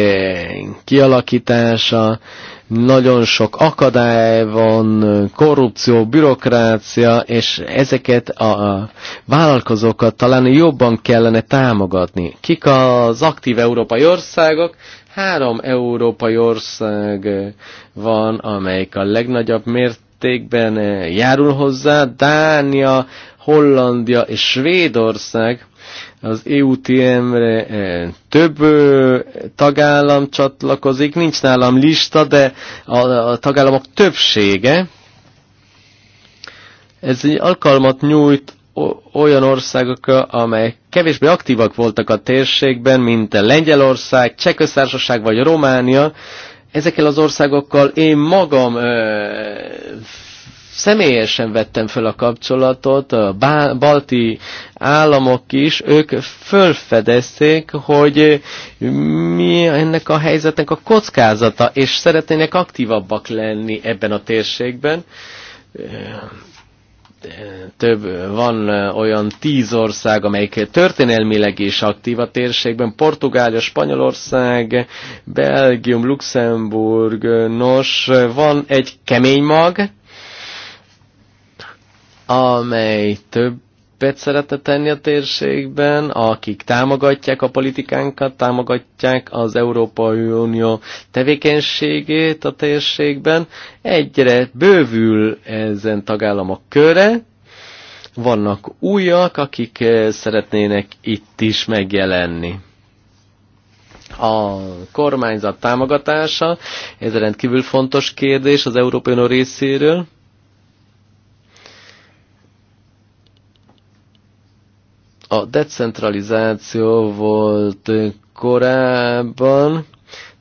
kialakítása, nagyon sok akadály van, korrupció, bürokrácia, és ezeket a vállalkozókat talán jobban kellene támogatni. Kik az aktív európai országok? Három európai ország van, amelyik a legnagyobb mértékben eh, járul hozzá, Dánia, Hollandia és Svédország, az EUTM-re eh, több tagállam csatlakozik, nincs nálam lista, de a, tagállamok többsége. Ez egy alkalmat nyújt olyan országokra, amelyek kevésbé aktívak voltak a térségben, mint Lengyelország, Csehköztársaság vagy Románia, ezekkel az országokkal én magam személyesen vettem fel a kapcsolatot, a balti államok is, ők fölfedezték, hogy mi ennek a helyzetnek a kockázata, és szeretnének aktívabbak lenni ebben a térségben több, van olyan tíz ország, amelyik történelmileg is aktív a térségben, Portugália, Spanyolország, Belgium, Luxemburg, nos, van egy kemény mag, amely több szerepet szeretne tenni a térségben, akik támogatják a politikánkat, támogatják az Európai Unió tevékenységét a térségben. Egyre bővül ezen tagállamok köre, vannak újak, akik szeretnének itt is megjelenni a kormányzat támogatása, ez rendkívül fontos kérdés az Európai Unió részéről. A decentralizáció volt korábban,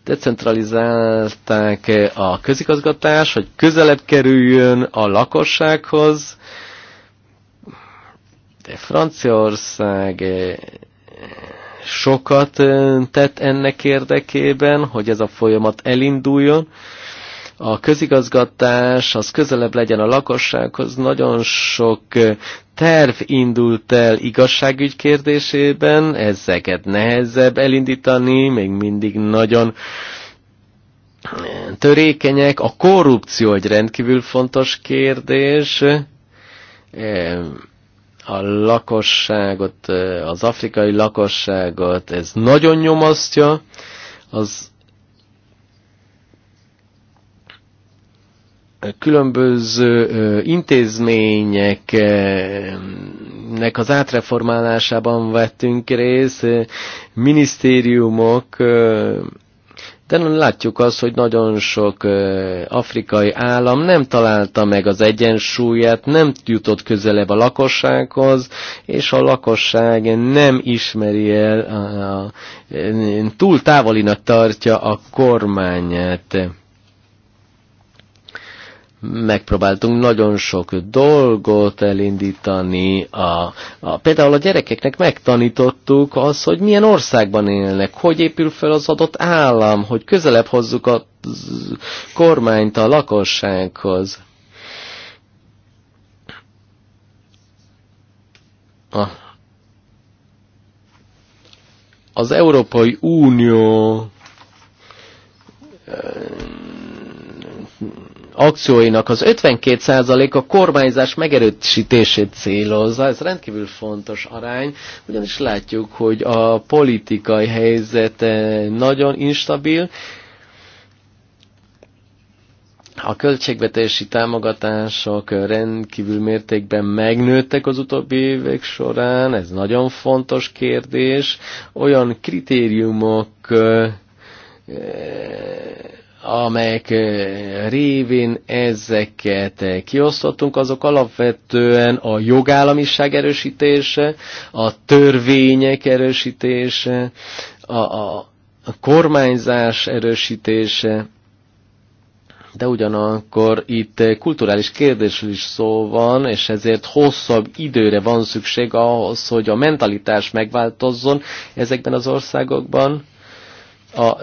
decentralizálták -e a közigazgatás, hogy közelebb kerüljön a lakossághoz, de Franciaország eh, sokat eh, tett ennek érdekében, hogy ez a folyamat elinduljon a közigazgatás az közelebb legyen a lakossághoz. Nagyon sok terv indult el igazságügy kérdésében, ezeket nehezebb elindítani, még mindig nagyon törékenyek. A korrupció egy rendkívül fontos kérdés a lakosságot, az afrikai lakosságot, ez nagyon nyomasztja, az különböző intézményeknek az átreformálásában vettünk részt, minisztériumok, de látjuk azt, hogy nagyon sok afrikai állam nem találta meg az egyensúlyát, nem jutott közelebb a lakossághoz, és a lakosság nem ismeri el, a, a, túl távolinak tartja a kormányát megpróbáltunk nagyon sok dolgot elindítani. A, a, például a gyerekeknek megtanítottuk az, hogy milyen országban élnek, hogy épül fel az adott állam, hogy közelebb hozzuk a kormányt a lakossághoz. A, az Európai Unió akcióinak az 52% a kormányzás megerősítését célozza. Ez rendkívül fontos arány, ugyanis látjuk, hogy a politikai helyzet nagyon instabil, a költségvetési támogatások rendkívül mértékben megnőttek az utóbbi évek során, ez nagyon fontos kérdés. Olyan kritériumok amelyek révén ezeket kiosztottunk, azok alapvetően a jogállamiság erősítése, a törvények erősítése, a, a, a kormányzás erősítése, de ugyanakkor itt kulturális kérdésről is szó van, és ezért hosszabb időre van szükség ahhoz, hogy a mentalitás megváltozzon ezekben az országokban. A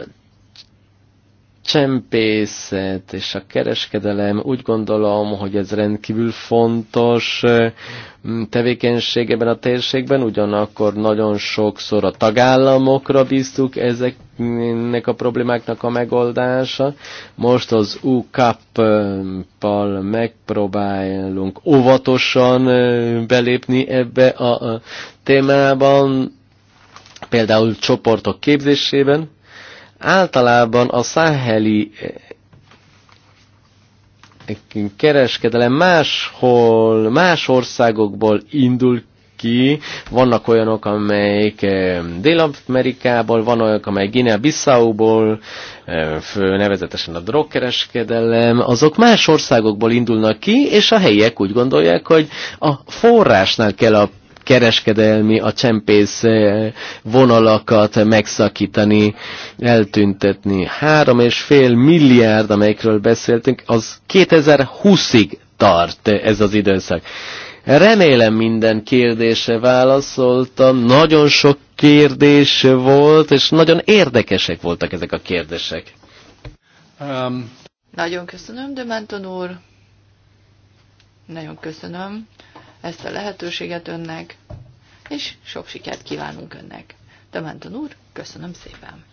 csempészet és a kereskedelem úgy gondolom, hogy ez rendkívül fontos mm, tevékenységeben a térségben, ugyanakkor nagyon sokszor a tagállamokra bíztuk ezeknek a problémáknak a megoldása. Most az UCAP-pal megpróbálunk óvatosan belépni ebbe a témában, például csoportok képzésében, Általában a száheli eh, eh, kereskedelem máshol, más országokból indul ki, vannak olyanok, amelyek eh, Dél-Amerikából, van olyanok, amelyek Guinea-Bissauból, nevezetesen a drogkereskedelem, azok más országokból indulnak ki, és a helyiek úgy gondolják, hogy a forrásnál kell a kereskedelmi, a csempész eh, vonalakat megszakítani, eltüntetni. Három és fél milliárd, amelyikről beszéltünk, az 2020-ig tart ez az időszak. Remélem minden kérdése válaszoltam, nagyon sok kérdés volt, és nagyon érdekesek voltak ezek a kérdések. Um. Nagyon köszönöm, Dementon úr. Nagyon köszönöm ezt a lehetőséget önnek, és sok sikert kívánunk önnek. Tementon úr, köszönöm szépen!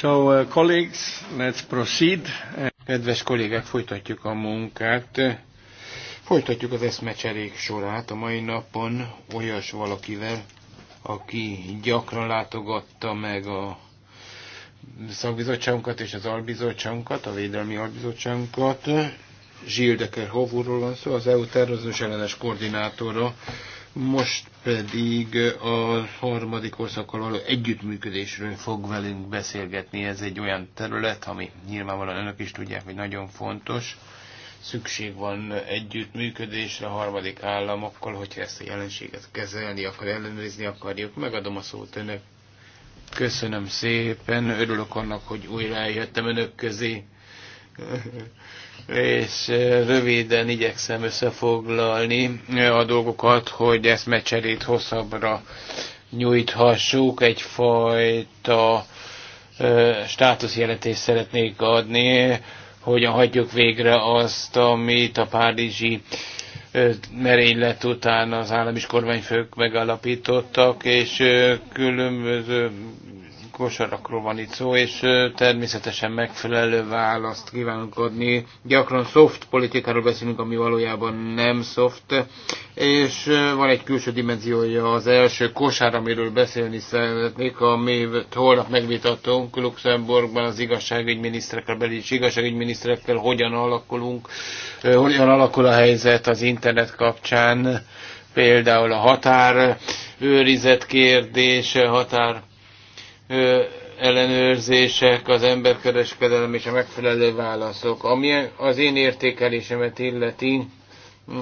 So, uh, colleagues, let's proceed. Kedves kollégák, folytatjuk a munkát. Folytatjuk az eszmecserék sorát a mai napon olyas valakivel, aki gyakran látogatta meg a szakbizottságunkat és az albizottságunkat, a védelmi albizottságunkat. Zsildeker Hovúról van szó, az EU tervezős ellenes koordinátora. Most pedig a harmadik országokkal való együttműködésről fog velünk beszélgetni. Ez egy olyan terület, ami nyilvánvalóan önök is tudják, hogy nagyon fontos. Szükség van együttműködésre a harmadik államokkal, hogyha ezt a jelenséget kezelni akar, ellenőrizni akarjuk. Megadom a szót önök. Köszönöm szépen, örülök annak, hogy újra eljöttem önök közé és röviden igyekszem összefoglalni a dolgokat, hogy ezt mecserét hosszabbra nyújthassuk. Egyfajta státuszjelentést szeretnék adni, hogyan hagyjuk végre azt, amit a párizsi merénylet után az állam és kormányfők megalapítottak, és különböző kosarakról van itt szó, és természetesen megfelelő választ kívánunk adni. Gyakran soft politikáról beszélünk, ami valójában nem soft, és van egy külső dimenziója az első kosár, amiről beszélni szeretnék, amit holnap megvitatunk Luxemburgban az igazságügyminiszterekkel, beli igazságügyminiszterekkel, hogyan alakulunk, hogyan alakul a helyzet az internet kapcsán, például a határ őrizet kérdése, határ ellenőrzések, az emberkereskedelem és a megfelelő válaszok. Ami az én értékelésemet illeti,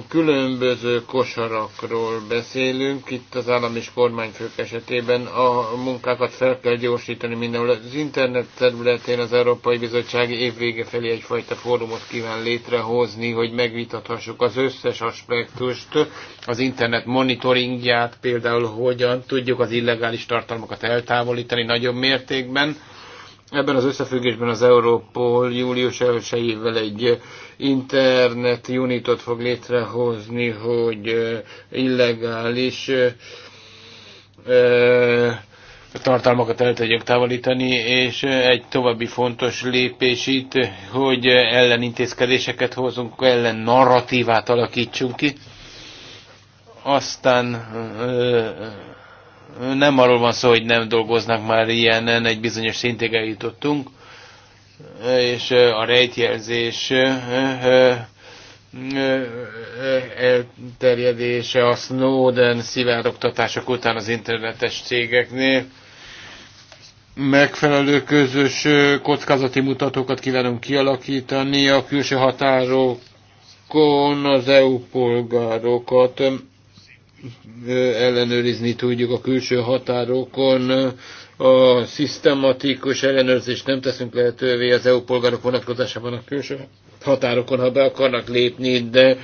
különböző kosarakról beszélünk, itt az állam és kormányfők esetében a munkákat fel kell gyorsítani mindenhol. Az internet területén az Európai Bizottság évvége felé egyfajta fórumot kíván létrehozni, hogy megvitathassuk az összes aspektust, az internet monitoringját, például hogyan tudjuk az illegális tartalmakat eltávolítani nagyobb mértékben. Ebben az összefüggésben az Európol július 1 egy internet unitot fog létrehozni, hogy illegális tartalmakat el tudjuk távolítani, és egy további fontos lépés itt, hogy ellenintézkedéseket hozunk, ellen narratívát alakítsunk ki. Aztán nem arról van szó, hogy nem dolgoznak már ilyenen, egy bizonyos szintig eljutottunk, és a rejtjelzés elterjedése a Snowden szivárogtatások után az internetes cégeknél. Megfelelő közös kockázati mutatókat kívánunk kialakítani a külső határokon az EU polgárokat ellenőrizni tudjuk a külső határokon. A szisztematikus ellenőrzést nem teszünk lehetővé az EU polgárok vonatkozásában a külső határokon, ha be akarnak lépni, de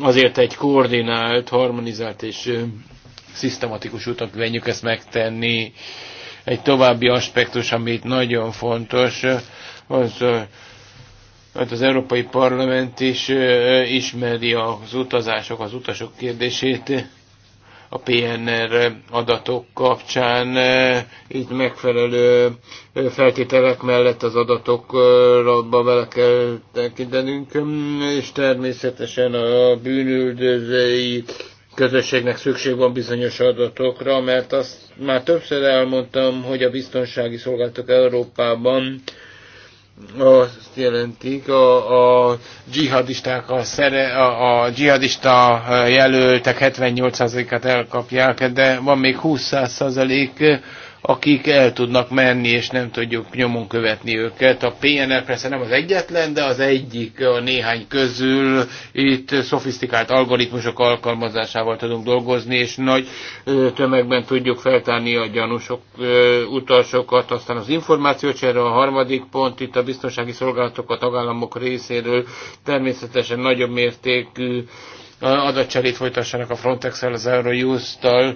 azért egy koordinált, harmonizált és szisztematikus úton kívánjuk ezt megtenni. Egy további aspektus, amit nagyon fontos, az mert hát az Európai Parlament is ismeri az utazások, az utasok kérdését, a PNR adatok kapcsán. Itt eh, megfelelő eh, feltételek mellett az adatokra bele kell tekintenünk, és természetesen a bűnüldözői közösségnek szükség van bizonyos adatokra, mert azt már többször elmondtam, hogy a biztonsági szolgáltatók Európában azt jelentik, a, a dzsihadisták, a, szere, a, a dzsihadista jelöltek 78%-át elkapják, de van még 20% akik el tudnak menni, és nem tudjuk nyomon követni őket. A PNR persze nem az egyetlen, de az egyik a néhány közül. Itt szofisztikált algoritmusok alkalmazásával tudunk dolgozni, és nagy tömegben tudjuk feltárni a gyanúsok utasokat. Aztán az információcsere a harmadik pont, itt a biztonsági szolgálatok a tagállamok részéről természetesen nagyobb mértékű adatcserét folytassanak a Frontex-el, az Eurojust-tal,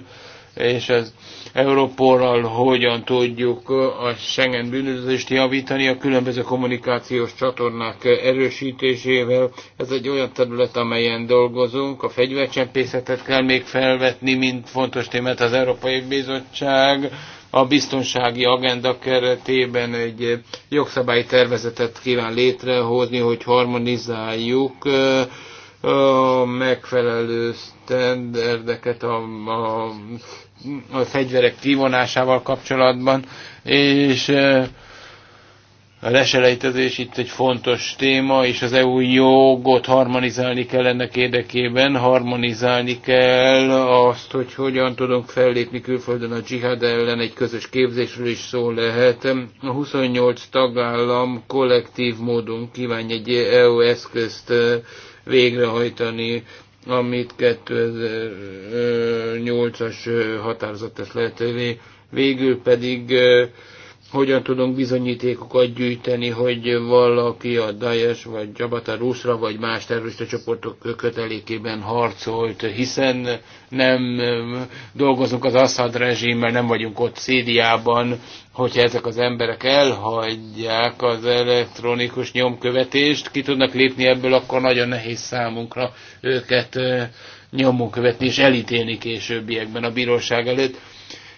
és az Európorral hogyan tudjuk a Schengen bűnözést javítani a különböző kommunikációs csatornák erősítésével. Ez egy olyan terület, amelyen dolgozunk. A fegyvercsempészetet kell még felvetni, mint fontos témát az Európai Bizottság a biztonsági agenda keretében egy jogszabályi tervezetet kíván létrehozni, hogy harmonizáljuk a megfelelő sztenderdeket a, a a fegyverek kivonásával kapcsolatban, és a leselejtezés itt egy fontos téma, és az EU jogot harmonizálni kell ennek érdekében, harmonizálni kell azt, hogy hogyan tudunk fellépni külföldön a dzsihád ellen, egy közös képzésről is szó lehet. A 28 tagállam kollektív módon kívánja egy EU eszközt végrehajtani amit 2008-as határozat tesz lehetővé. Végül pedig hogyan tudunk bizonyítékokat gyűjteni, hogy valaki a Daesh vagy Jabata Ruszra vagy más terrorista csoportok kötelékében harcolt, hiszen nem dolgozunk az Assad rezsimmel, nem vagyunk ott Szíriában, hogyha ezek az emberek elhagyják az elektronikus nyomkövetést, ki tudnak lépni ebből, akkor nagyon nehéz számunkra őket nyomon követni és elítélni későbbiekben a bíróság előtt.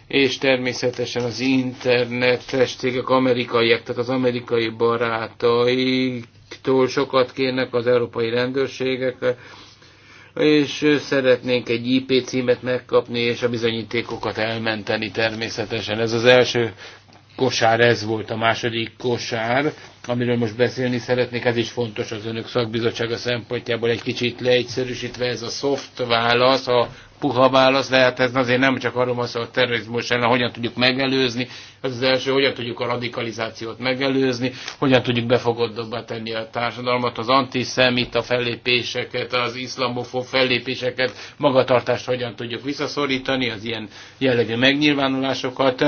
És természetesen az internetes testégek amerikaiak, tehát az amerikai barátaiktól sokat kérnek az európai rendőrségek, és szeretnénk egy IP címet megkapni, és a bizonyítékokat elmenteni természetesen. Ez az első kosár, ez volt a második kosár, amiről most beszélni szeretnék, ez is fontos az önök szakbizottsága szempontjából, egy kicsit leegyszerűsítve ez a soft válasz, a puha válasz, de hát ez azért nem csak arról van szó, a terrorizmus ellen hogyan tudjuk megelőzni, az az első, hogyan tudjuk a radikalizációt megelőzni, hogyan tudjuk befogadóbbá tenni a társadalmat, az antiszemita fellépéseket, az iszlamofó fellépéseket, magatartást hogyan tudjuk visszaszorítani, az ilyen jellegű megnyilvánulásokat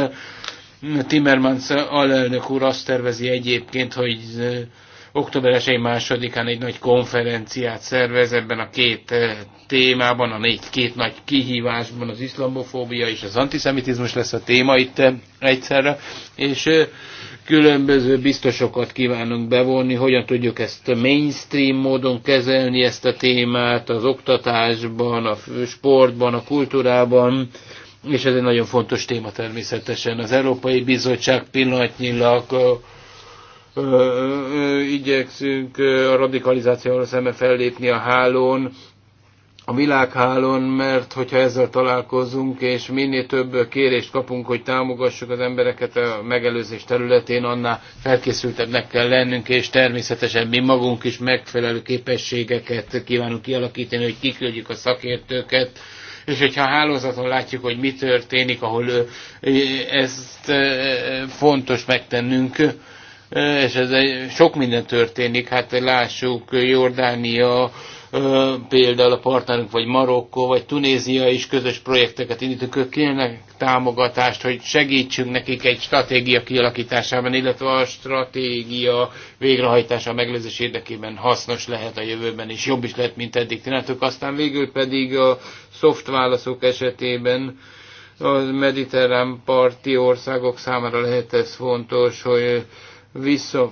Timmermans alelnök úr azt tervezi egyébként, hogy október 1 másodikán egy nagy konferenciát szervez ebben a két témában, a négy, két nagy kihívásban, az iszlamofóbia és az antiszemitizmus lesz a téma itt egyszerre, és különböző biztosokat kívánunk bevonni, hogyan tudjuk ezt mainstream módon kezelni, ezt a témát az oktatásban, a sportban, a kultúrában, és ez egy nagyon fontos téma természetesen. Az Európai Bizottság pillanatnyilag igyekszünk a radikalizációval szemben fellépni a hálón, a világhálón, mert hogyha ezzel találkozunk, és minél több kérést kapunk, hogy támogassuk az embereket a megelőzés területén, annál felkészültebbnek kell lennünk, és természetesen mi magunk is megfelelő képességeket kívánunk kialakítani, hogy kiküldjük a szakértőket, és hogyha a hálózaton látjuk, hogy mi történik, ahol ezt fontos megtennünk, és ez sok minden történik, hát lássuk Jordánia, például a partnerünk, vagy Marokkó, vagy Tunézia is közös projekteket indítunk, ők kérnek támogatást, hogy segítsünk nekik egy stratégia kialakításában, illetve a stratégia végrehajtása meglőzés érdekében hasznos lehet a jövőben, és jobb is lehet, mint eddig csináltuk. Aztán végül pedig a soft válaszok esetében a mediterrán parti országok számára lehet ez fontos, hogy vissza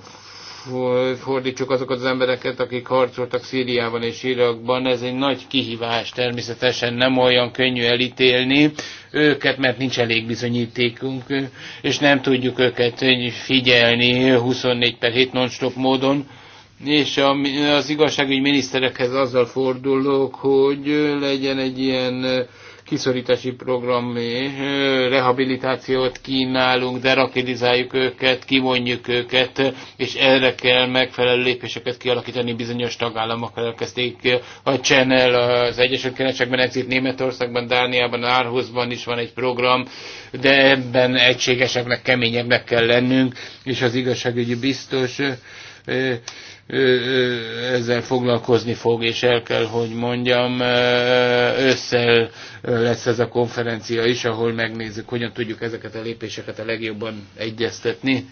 fordítsuk azokat az embereket, akik harcoltak Szíriában és Irakban. Ez egy nagy kihívás, természetesen nem olyan könnyű elítélni őket, mert nincs elég bizonyítékunk, és nem tudjuk őket figyelni 24 per 7 non-stop módon. És az igazságügyi miniszterekhez azzal fordulok, hogy legyen egy ilyen kiszorítási program, rehabilitációt kínálunk, derakidizáljuk őket, kivonjuk őket, és erre kell megfelelő lépéseket kialakítani bizonyos tagállamok. Elkezdték a Channel az Egyesült Királyságban, Exit Németországban, Dániában, Árhuszban is van egy program, de ebben egységesebbnek, keményebbnek kell lennünk, és az igazságügyi biztos ezzel foglalkozni fog, és el kell, hogy mondjam, ősszel lesz ez a konferencia is, ahol megnézzük, hogyan tudjuk ezeket a lépéseket a legjobban egyeztetni.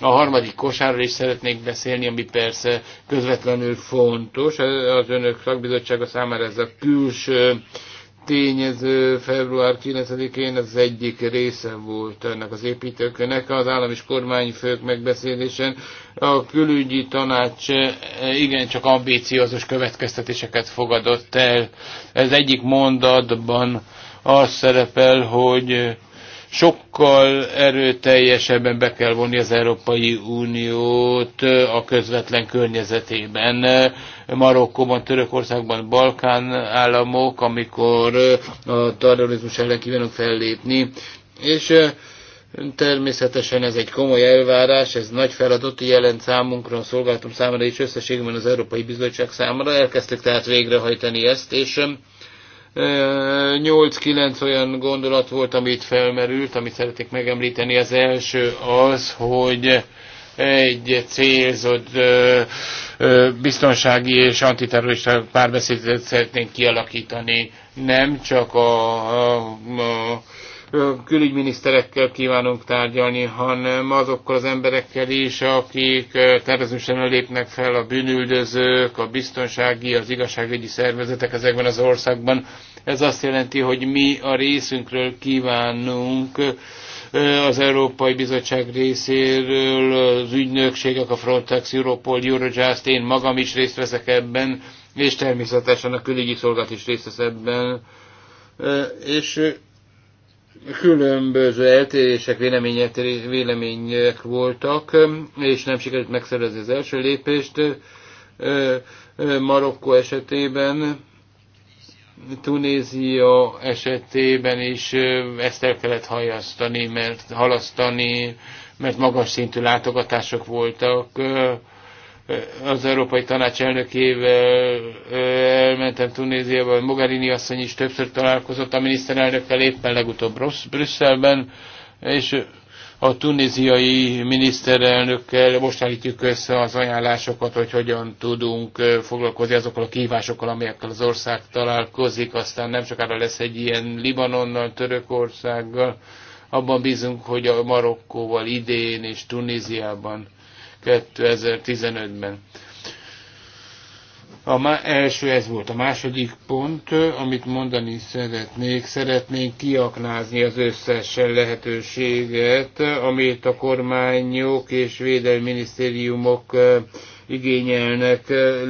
A harmadik kosárról is szeretnék beszélni, ami persze közvetlenül fontos. Az önök szakbizottsága számára ez a külső tényező február 9-én az egyik része volt ennek az építőkönek, az állam és kormányfők megbeszélésen a külügyi tanács eh, igencsak ambíciózus következtetéseket fogadott el. Ez egyik mondatban az szerepel, hogy sokkal erőteljesebben be kell vonni az Európai Uniót a közvetlen környezetében. Marokkóban, Törökországban, Balkán államok, amikor a terrorizmus ellen kívánunk fellépni. És természetesen ez egy komoly elvárás, ez nagy feladat jelent számunkra, a szolgálatom számára és összességben az Európai Bizottság számára. Elkezdtük tehát végrehajtani ezt, és 8-9 olyan gondolat volt, amit felmerült, amit szeretnék megemlíteni. Az első az, hogy egy célzott biztonsági és antiterrorista párbeszédet szeretnénk kialakítani, nem csak a, a, a külügyminiszterekkel kívánunk tárgyalni, hanem azokkal az emberekkel is, akik tervezősen lépnek fel, a bűnüldözők, a biztonsági, az igazságügyi szervezetek ezekben az országban. Ez azt jelenti, hogy mi a részünkről kívánunk az Európai Bizottság részéről, az ügynökségek, a Frontex, Europol, Eurojust, én magam is részt veszek ebben, és természetesen a külügyi szolgálat is részt vesz ebben. És különböző eltérések, vélemények, vélemények voltak, és nem sikerült megszerezni az első lépést Marokkó esetében. Tunézia esetében is ezt el kellett hajasztani, mert halasztani, mert magas szintű látogatások voltak, az Európai Tanács elnökével elmentem Tunéziába, Mogherini asszony is többször találkozott a miniszterelnökkel, éppen legutóbb Rossz, Brüsszelben, és a tunéziai miniszterelnökkel most állítjuk össze az ajánlásokat, hogy hogyan tudunk foglalkozni azokkal a kihívásokkal, amelyekkel az ország találkozik. Aztán nem sokára lesz egy ilyen Libanonnal, Törökországgal. Abban bízunk, hogy a Marokkóval idén és Tunéziában 2015-ben. A má, első ez volt. A második pont, amit mondani szeretnék, szeretnénk kiaknázni az összes lehetőséget, amit a kormányok és védelmi minisztériumok igényelnek.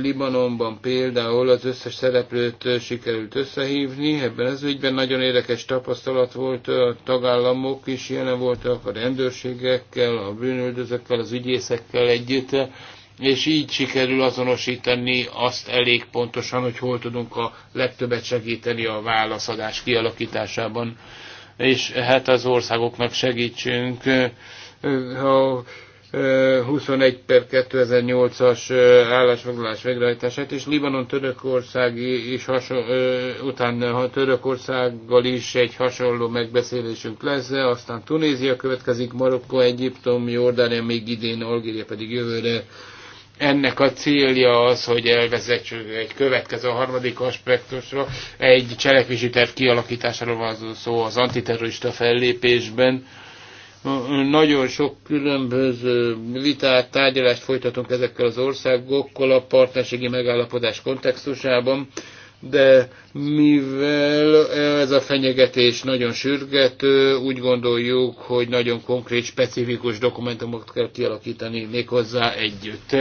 Libanonban például az összes szereplőt sikerült összehívni, ebben az ügyben nagyon érdekes tapasztalat volt, a tagállamok is jelen voltak, a rendőrségekkel, a bűnöldözökkel, az ügyészekkel együtt, és így sikerül azonosítani azt elég pontosan, hogy hol tudunk a legtöbbet segíteni a válaszadás kialakításában. És hát az országoknak segítsünk, ha 21 per 2008-as állásfoglalás végrehajtását, és Libanon Törökország is hasonló, utána Törökországgal is egy hasonló megbeszélésünk lesz, aztán Tunézia következik, Marokko, Egyiptom, Jordánia még idén, Algéria pedig jövőre. Ennek a célja az, hogy elvezetjük egy következő, a harmadik aspektusra, egy cselekvési terv kialakításáról van szó az antiterrorista fellépésben, nagyon sok különböző vitát, tárgyalást folytatunk ezekkel az országokkal a partnerségi megállapodás kontextusában, de mivel ez a fenyegetés nagyon sürgető, úgy gondoljuk, hogy nagyon konkrét, specifikus dokumentumokat kell kialakítani méghozzá együtt.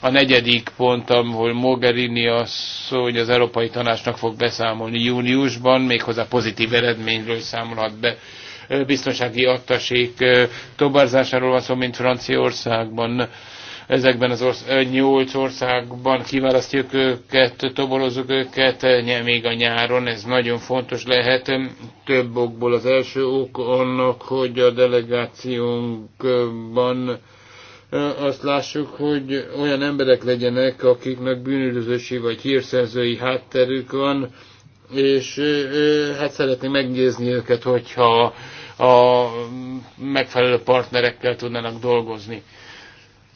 A negyedik pont, ahol Mogherini hogy az Európai Tanácsnak fog beszámolni júniusban, méghozzá pozitív eredményről számolhat be biztonsági attasék toborzásáról van szó, mint Franciaországban. Ezekben az orsz nyolc országban kiválasztjuk őket, toborozzuk őket, még a nyáron, ez nagyon fontos lehet. Több okból az első ok annak, hogy a delegációnkban azt lássuk, hogy olyan emberek legyenek, akiknek bűnözősi vagy hírszerzői hátterük van, és hát szeretném megnézni őket, hogyha a megfelelő partnerekkel tudnának dolgozni.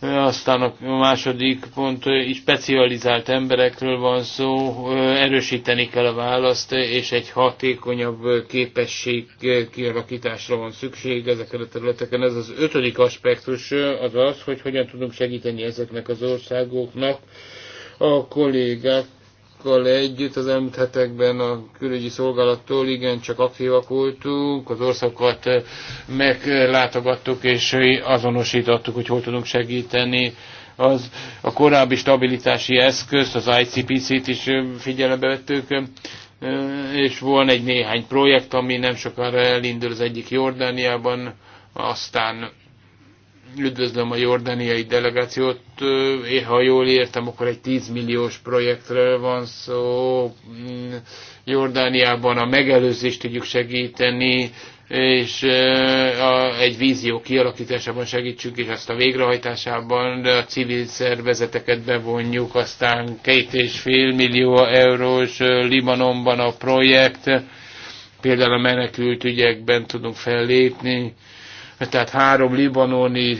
Aztán a második pont, így specializált emberekről van szó, erősíteni kell a választ, és egy hatékonyabb képesség kialakításra van szükség ezeken a területeken. Ez az ötödik aspektus az az, hogy hogyan tudunk segíteni ezeknek az országoknak. A kollégák kollégákkal együtt az elmúlt hetekben a külügyi szolgálattól igen csak aktívak voltunk, az országokat eh, meglátogattuk és eh, azonosítottuk, hogy hol tudunk segíteni. Az, a korábbi stabilitási eszközt, az ICPC-t is eh, figyelembe vettük, és van egy néhány projekt, ami nem sokára elindul az egyik Jordániában, aztán Üdvözlöm a jordániai delegációt. Ha jól értem, akkor egy 10 milliós projektről van szó. Mm, Jordániában a megelőzést tudjuk segíteni, és a, egy vízió kialakításában segítsünk, és azt a végrehajtásában a civil szervezeteket bevonjuk, aztán két és fél millió eurós Libanonban a projekt, például a menekült ügyekben tudunk fellépni, tehát három libanoni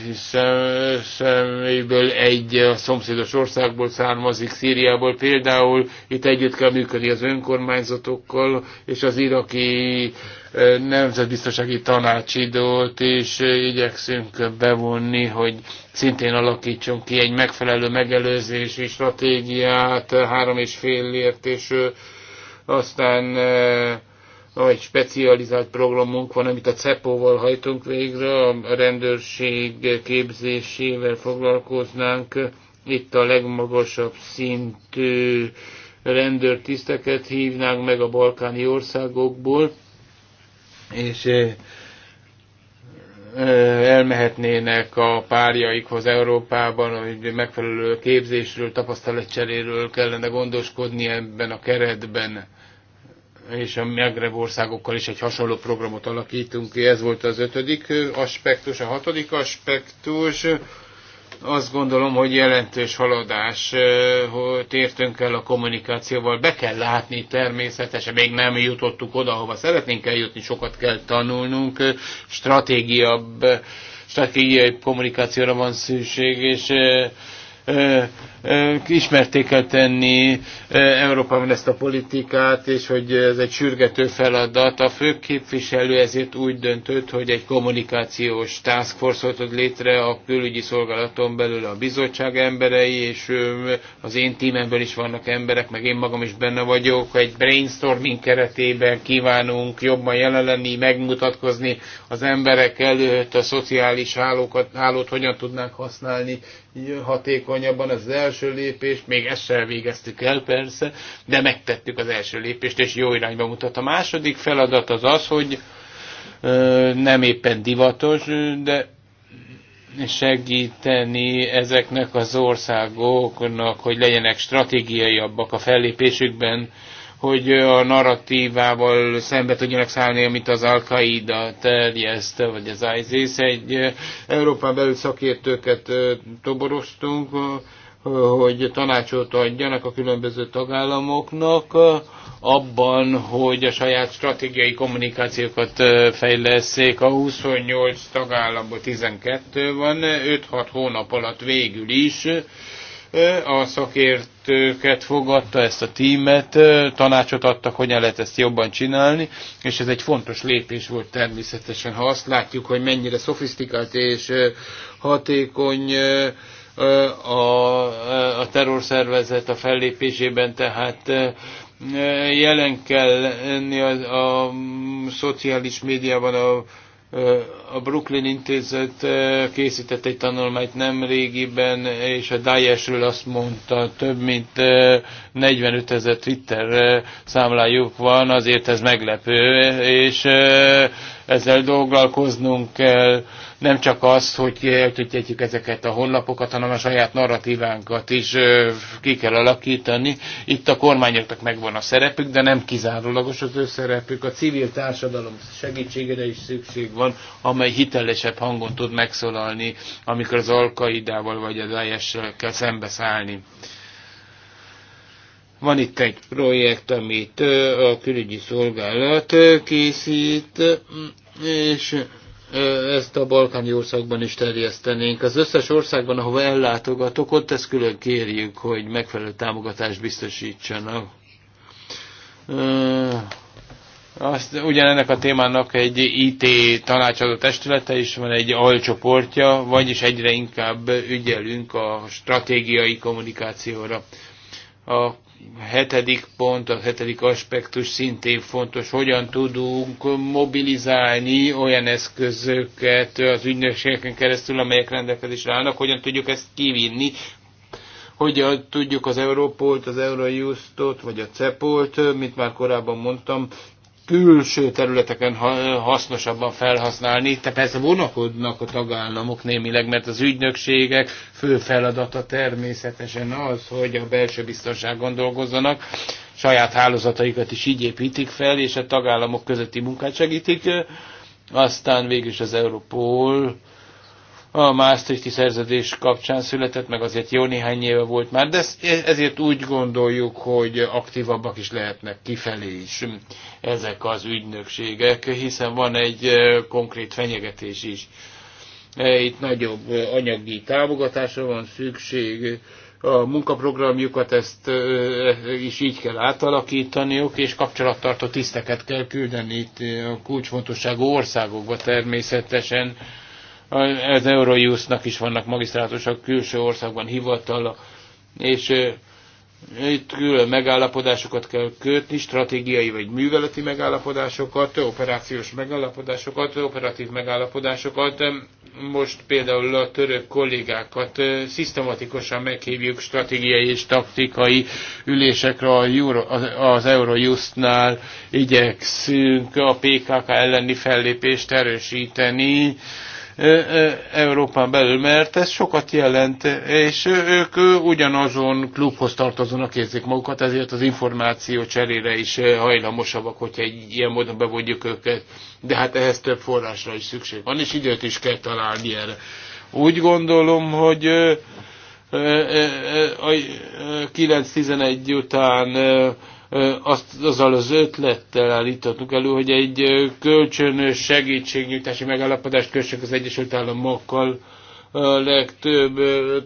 személyből egy a szomszédos országból származik, Szíriából például, itt együtt kell működni az önkormányzatokkal, és az iraki eh, nemzetbiztonsági tanácsidót is igyekszünk bevonni, hogy szintén alakítson ki egy megfelelő megelőzési stratégiát, három és fél ért, eh, aztán eh, egy specializált programunk van, amit a CEPO-val hajtunk végre, a rendőrség képzésével foglalkoznánk. Itt a legmagasabb szintű rendőrtiszteket hívnánk meg a balkáni országokból, és eh, eh, elmehetnének a párjaikhoz Európában, hogy megfelelő képzésről, tapasztalatcseréről kellene gondoskodni ebben a keretben és a Megreb országokkal is egy hasonló programot alakítunk ki. Ez volt az ötödik aspektus. A hatodik aspektus, azt gondolom, hogy jelentős haladás eh, tértünk el a kommunikációval. Be kell látni természetesen, még nem jutottuk oda, hova szeretnénk eljutni, sokat kell tanulnunk, stratégiabb, stratégiai kommunikációra van szükség, és eh, eh, ismerté kell tenni Európában ezt a politikát, és hogy ez egy sürgető feladat. A főképviselő ezért úgy döntött, hogy egy kommunikációs task force létre a külügyi szolgálaton belül a bizottság emberei, és az én tímemből is vannak emberek, meg én magam is benne vagyok. Egy brainstorming keretében kívánunk jobban jelen lenni, megmutatkozni az emberek előtt, a szociális hálókat, hálót hogyan tudnánk használni hatékonyabban. Az első lépést, még ezt sem végeztük el persze, de megtettük az első lépést, és jó irányba mutat. A második feladat az az, hogy ö, nem éppen divatos, de segíteni ezeknek az országoknak, hogy legyenek stratégiaiabbak a fellépésükben, hogy a narratívával szembe tudjanak szállni, amit az Al-Qaida terjeszte, vagy az ISIS. Egy Európán belül szakértőket toboroztunk, hogy tanácsot adjanak a különböző tagállamoknak abban, hogy a saját stratégiai kommunikációkat fejleszék. A 28 tagállamból 12 van, 5-6 hónap alatt végül is a szakértőket fogadta ezt a tímet, tanácsot adtak, hogyan lehet ezt jobban csinálni, és ez egy fontos lépés volt természetesen, ha azt látjuk, hogy mennyire szofisztikált és hatékony a, a terrorszervezet a fellépésében, tehát jelen kell lenni a, a szociális médiában a, a Brooklyn Intézet készített egy tanulmányt nem régiben, és a Daesh-ről azt mondta, több mint 45 ezer Twitter számlájuk van, azért ez meglepő, és ezzel dolglalkoznunk kell, nem csak az, hogy eltüntetjük ezeket a honlapokat, hanem a saját narratívánkat is ki kell alakítani. Itt a kormányoknak megvan a szerepük, de nem kizárólagos az ő szerepük. A civil társadalom segítségére is szükség van, amely hitelesebb hangon tud megszólalni, amikor az alkaidával vagy az IS-sel kell szembeszállni. Van itt egy projekt, amit a külügyi szolgálat készít, és ezt a balkáni országban is terjesztenénk. Az összes országban, ahova ellátogatok, ott ezt külön kérjük, hogy megfelelő támogatást biztosítsanak. Azt, ugyanennek a témának egy IT tanácsadó testülete is van, egy alcsoportja, vagyis egyre inkább ügyelünk a stratégiai kommunikációra. A hetedik pont, a hetedik aspektus szintén fontos, hogyan tudunk mobilizálni olyan eszközöket az ügynökségeken keresztül, amelyek rendelkezésre állnak, hogyan tudjuk ezt kivinni, hogyan tudjuk az Európolt, az Eurojustot, vagy a Cepolt, mint már korábban mondtam, külső területeken hasznosabban felhasználni. Tehát persze vonakodnak a tagállamok némileg, mert az ügynökségek fő feladata természetesen az, hogy a belső biztonságon dolgozzanak, saját hálózataikat is így építik fel, és a tagállamok közötti munkát segítik. Aztán végül is az Európol a Maastrichti szerződés kapcsán született, meg azért jó néhány éve volt már, de ezért úgy gondoljuk, hogy aktívabbak is lehetnek kifelé is ezek az ügynökségek, hiszen van egy konkrét fenyegetés is. E, itt nagyobb anyagi támogatásra van szükség, a munkaprogramjukat ezt is így kell átalakítaniuk, és kapcsolattartó tiszteket kell küldeni itt a kulcsfontosságú országokba természetesen az Eurojusznak is vannak magisztrátusok külső országban hivatala, és itt külön megállapodásokat kell kötni, stratégiai vagy műveleti megállapodásokat, operációs megállapodásokat, operatív megállapodásokat. Most például a török kollégákat szisztematikusan meghívjuk stratégiai és taktikai ülésekre az Eurojustnál. Igyekszünk a PKK elleni fellépést erősíteni, Európán belül, mert ez sokat jelent, és ők ugyanazon klubhoz tartozónak érzik magukat, ezért az információ cserére is hajlamosabbak, hogyha egy ilyen módon bevonjuk őket, de hát ehhez több forrásra is szükség van, és időt is kell találni erre. Úgy gondolom, hogy a 9-11 után azt, azzal az ötlettel állítottuk elő, hogy egy kölcsönös segítségnyújtási megállapodást kössünk az Egyesült Államokkal, a legtöbb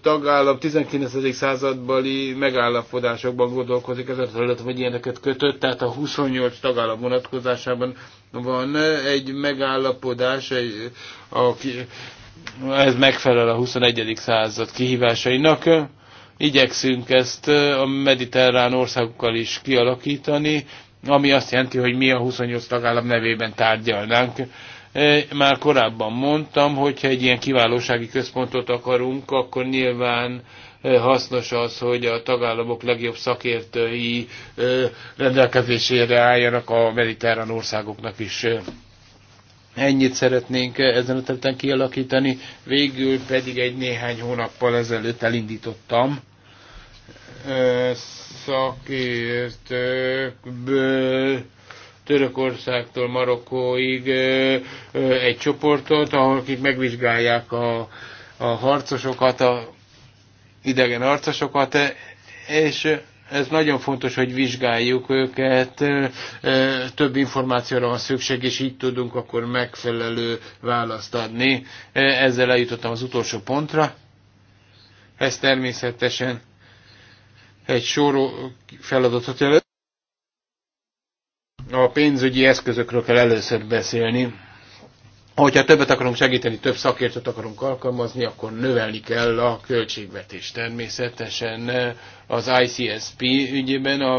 tagállam 19. századbali megállapodásokban gondolkozik ez a terület, vagy ilyeneket kötött, tehát a 28 tagállam vonatkozásában van egy megállapodás, egy, aki, ez megfelel a 21. század kihívásainak igyekszünk ezt a mediterrán országokkal is kialakítani, ami azt jelenti, hogy mi a 28 tagállam nevében tárgyalnánk. Már korábban mondtam, hogyha egy ilyen kiválósági központot akarunk, akkor nyilván hasznos az, hogy a tagállamok legjobb szakértői rendelkezésére álljanak a mediterrán országoknak is. Ennyit szeretnénk ezen a területen kialakítani, végül pedig egy néhány hónappal ezelőtt elindítottam szakértőkből Törökországtól Marokkóig egy csoportot, ahol akik megvizsgálják a, a harcosokat, a idegen harcosokat, és ez nagyon fontos, hogy vizsgáljuk őket, több információra van szükség, és így tudunk akkor megfelelő választ adni. Ezzel eljutottam az utolsó pontra. Ez természetesen egy sor feladatot jelent. A pénzügyi eszközökről kell először beszélni. Hogyha többet akarunk segíteni, több szakértőt akarunk alkalmazni, akkor növelni kell a költségvetést. Természetesen az ICSP ügyében a,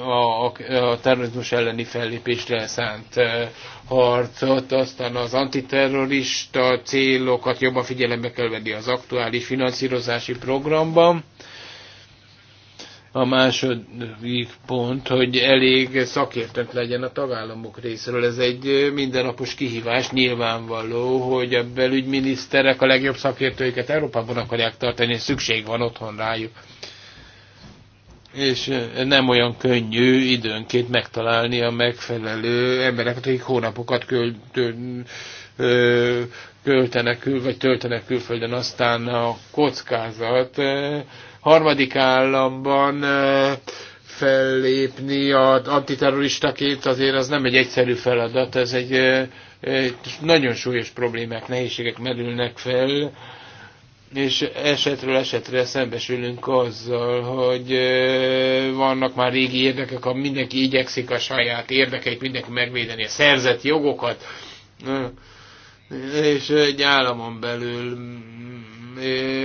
a, a terrorizmus elleni fellépésre szánt harcot, aztán az antiterrorista célokat jobban figyelembe kell venni az aktuális finanszírozási programban a második pont, hogy elég szakértőnk legyen a tagállamok részéről. Ez egy mindennapos kihívás, nyilvánvaló, hogy a belügyminiszterek a legjobb szakértőiket Európában akarják tartani, és szükség van otthon rájuk. És nem olyan könnyű időnként megtalálni a megfelelő embereket, akik hónapokat költ, költenek, vagy töltenek külföldön, aztán a kockázat harmadik államban fellépni az antiterroristaként, azért az nem egy egyszerű feladat, ez egy nagyon súlyos problémák, nehézségek merülnek fel, és esetről esetre szembesülünk azzal, hogy vannak már régi érdekek, ha mindenki igyekszik a saját érdekeit, mindenki megvédeni a szerzett jogokat, és egy államon belül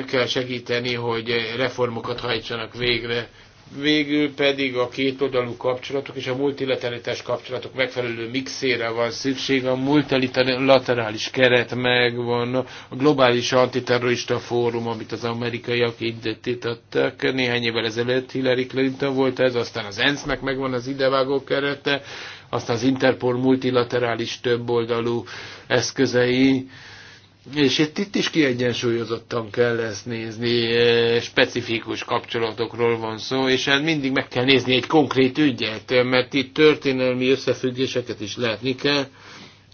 kell segíteni, hogy reformokat hajtsanak végre. Végül pedig a kétoldalú kapcsolatok és a multilateralitás kapcsolatok megfelelő mixére van szükség. A multilaterális keret megvan, a globális antiterrorista fórum, amit az amerikaiak indítottak néhány évvel ezelőtt, Hillary Clinton volt ez, aztán az ENSZ-nek megvan az idevágó kerete, aztán az Interpol multilaterális többoldalú eszközei, és itt, itt is kiegyensúlyozottan kell ezt nézni, e, specifikus kapcsolatokról van szó, és hát mindig meg kell nézni egy konkrét ügyet, mert itt történelmi összefüggéseket is látni kell,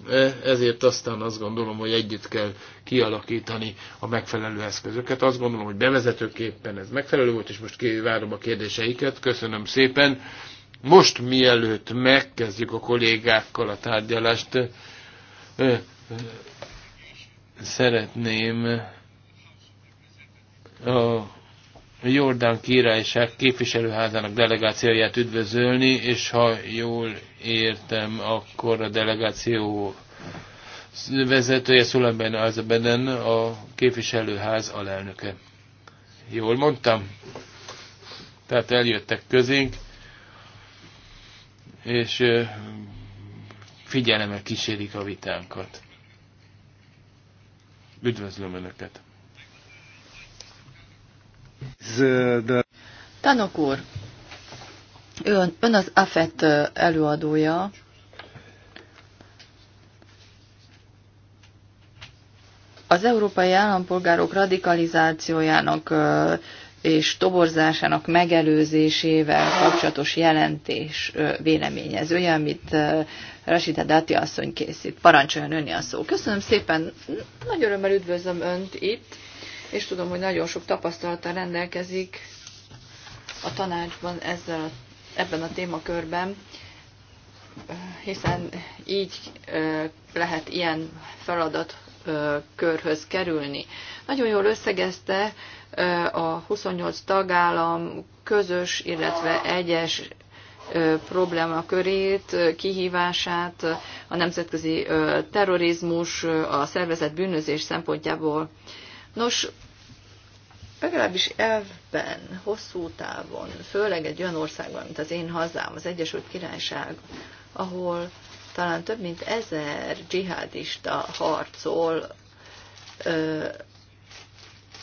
e, ezért aztán azt gondolom, hogy együtt kell kialakítani a megfelelő eszközöket. Azt gondolom, hogy bevezetőképpen ez megfelelő volt, és most várom a kérdéseiket. Köszönöm szépen. Most mielőtt megkezdjük a kollégákkal a tárgyalást, e, szeretném a Jordán királyság képviselőházának delegációját üdvözölni, és ha jól értem, akkor a delegáció vezetője Szulemben Beden, a képviselőház alelnöke. Jól mondtam? Tehát eljöttek közénk, és figyelemmel kísérik a vitánkat. Üdvözlöm Önöket! Tanok úr, ön, ön az AFET előadója. Az európai állampolgárok radikalizációjának és toborzásának megelőzésével kapcsolatos jelentés véleményezője, amit Rasita Dati asszony készít. Parancsoljon önni a szó. Köszönöm szépen, nagy örömmel üdvözlöm önt itt, és tudom, hogy nagyon sok tapasztalattal rendelkezik a tanácsban ezzel, ebben a témakörben, hiszen így lehet ilyen feladat körhöz kerülni. Nagyon jól összegezte a 28 tagállam közös, illetve egyes probléma körét, kihívását, a nemzetközi terrorizmus, a szervezet bűnözés szempontjából. Nos, legalábbis elvben, hosszú távon, főleg egy olyan országban, mint az én hazám, az Egyesült Királyság, ahol talán több mint ezer dzsihádista harcol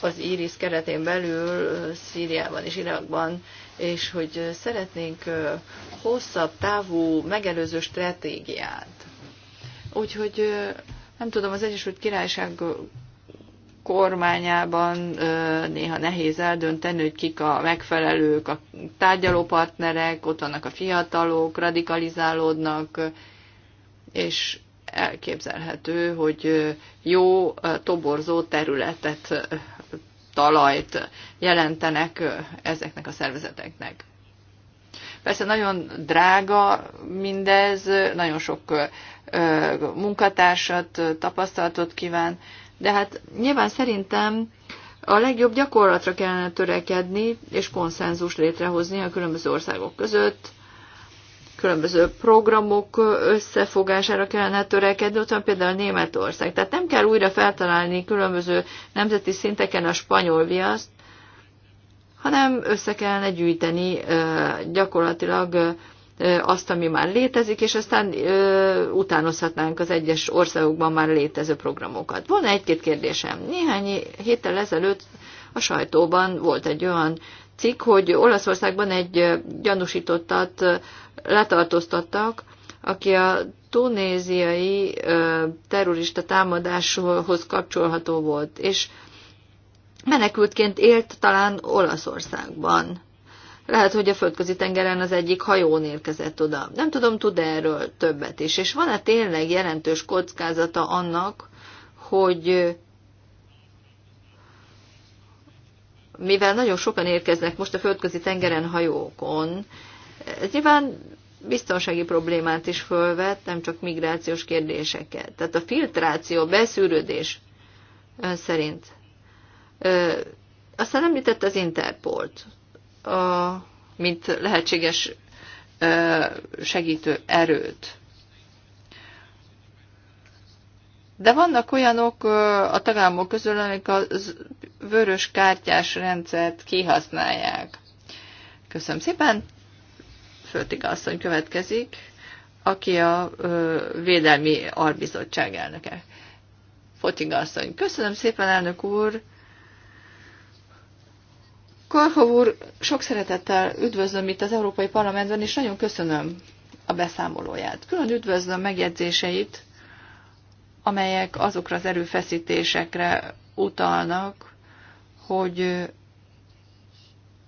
az íris keretén belül Szíriában és Irakban, és hogy szeretnénk hosszabb távú megelőző stratégiát. Úgyhogy nem tudom, az Egyesült Királyság kormányában néha nehéz eldönteni, hogy kik a megfelelők, a tárgyalópartnerek, ott vannak a fiatalok, radikalizálódnak, és elképzelhető, hogy jó toborzó területet, talajt jelentenek ezeknek a szervezeteknek. Persze nagyon drága mindez, nagyon sok munkatársat, tapasztalatot kíván, de hát nyilván szerintem a legjobb gyakorlatra kellene törekedni és konszenzus létrehozni a különböző országok között, különböző programok összefogására kellene törekedni, ott van például Németország. Tehát nem kell újra feltalálni különböző nemzeti szinteken a spanyol viaszt, hanem össze kellene gyűjteni gyakorlatilag azt, ami már létezik, és aztán utánozhatnánk az egyes országokban már létező programokat. Van egy-két kérdésem. Néhány héttel ezelőtt a sajtóban volt egy olyan cikk, hogy Olaszországban egy gyanúsítottat letartóztattak, aki a tunéziai terrorista támadáshoz kapcsolható volt, és menekültként élt talán Olaszországban. Lehet, hogy a földközi tengeren az egyik hajón érkezett oda. Nem tudom, tud -e erről többet is. És van-e tényleg jelentős kockázata annak, hogy mivel nagyon sokan érkeznek most a földközi tengeren hajókon, ez nyilván biztonsági problémát is fölvet, nem csak migrációs kérdéseket. Tehát a filtráció, beszűrődés ön szerint. Ö, aztán említette az Interpolt, a, mint lehetséges ö, segítő erőt. De vannak olyanok a tagállamok közül, amik a vörös kártyás rendszert kihasználják. Köszönöm szépen. Föltiga asszony következik, aki a ö, Védelmi Arbizottság elnöke. Fotiga asszony. Köszönöm szépen, elnök úr. Korhov úr, sok szeretettel üdvözlöm itt az Európai Parlamentben, és nagyon köszönöm a beszámolóját. Külön üdvözlöm megjegyzéseit, amelyek azokra az erőfeszítésekre utalnak, hogy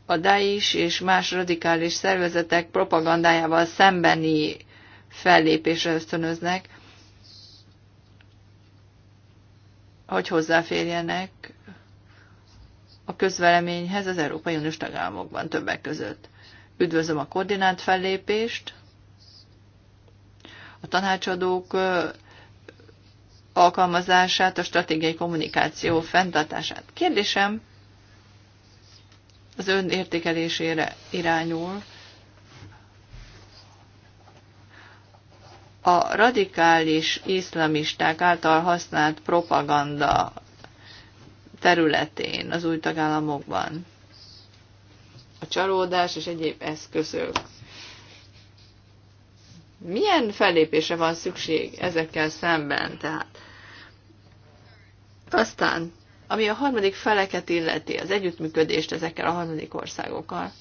a DAIS és más radikális szervezetek propagandájával szembeni fellépésre ösztönöznek, hogy hozzáférjenek a közveleményhez az Európai Uniós tagállamokban többek között. Üdvözlöm a koordinált fellépést, a tanácsadók alkalmazását, a stratégiai kommunikáció fenntartását. Kérdésem az ön értékelésére irányul. A radikális iszlamisták által használt propaganda területén az új tagállamokban. A csalódás és egyéb eszközök. Milyen fellépése van szükség ezekkel szemben? Tehát aztán, ami a harmadik feleket illeti, az együttműködést ezekkel a harmadik országokkal,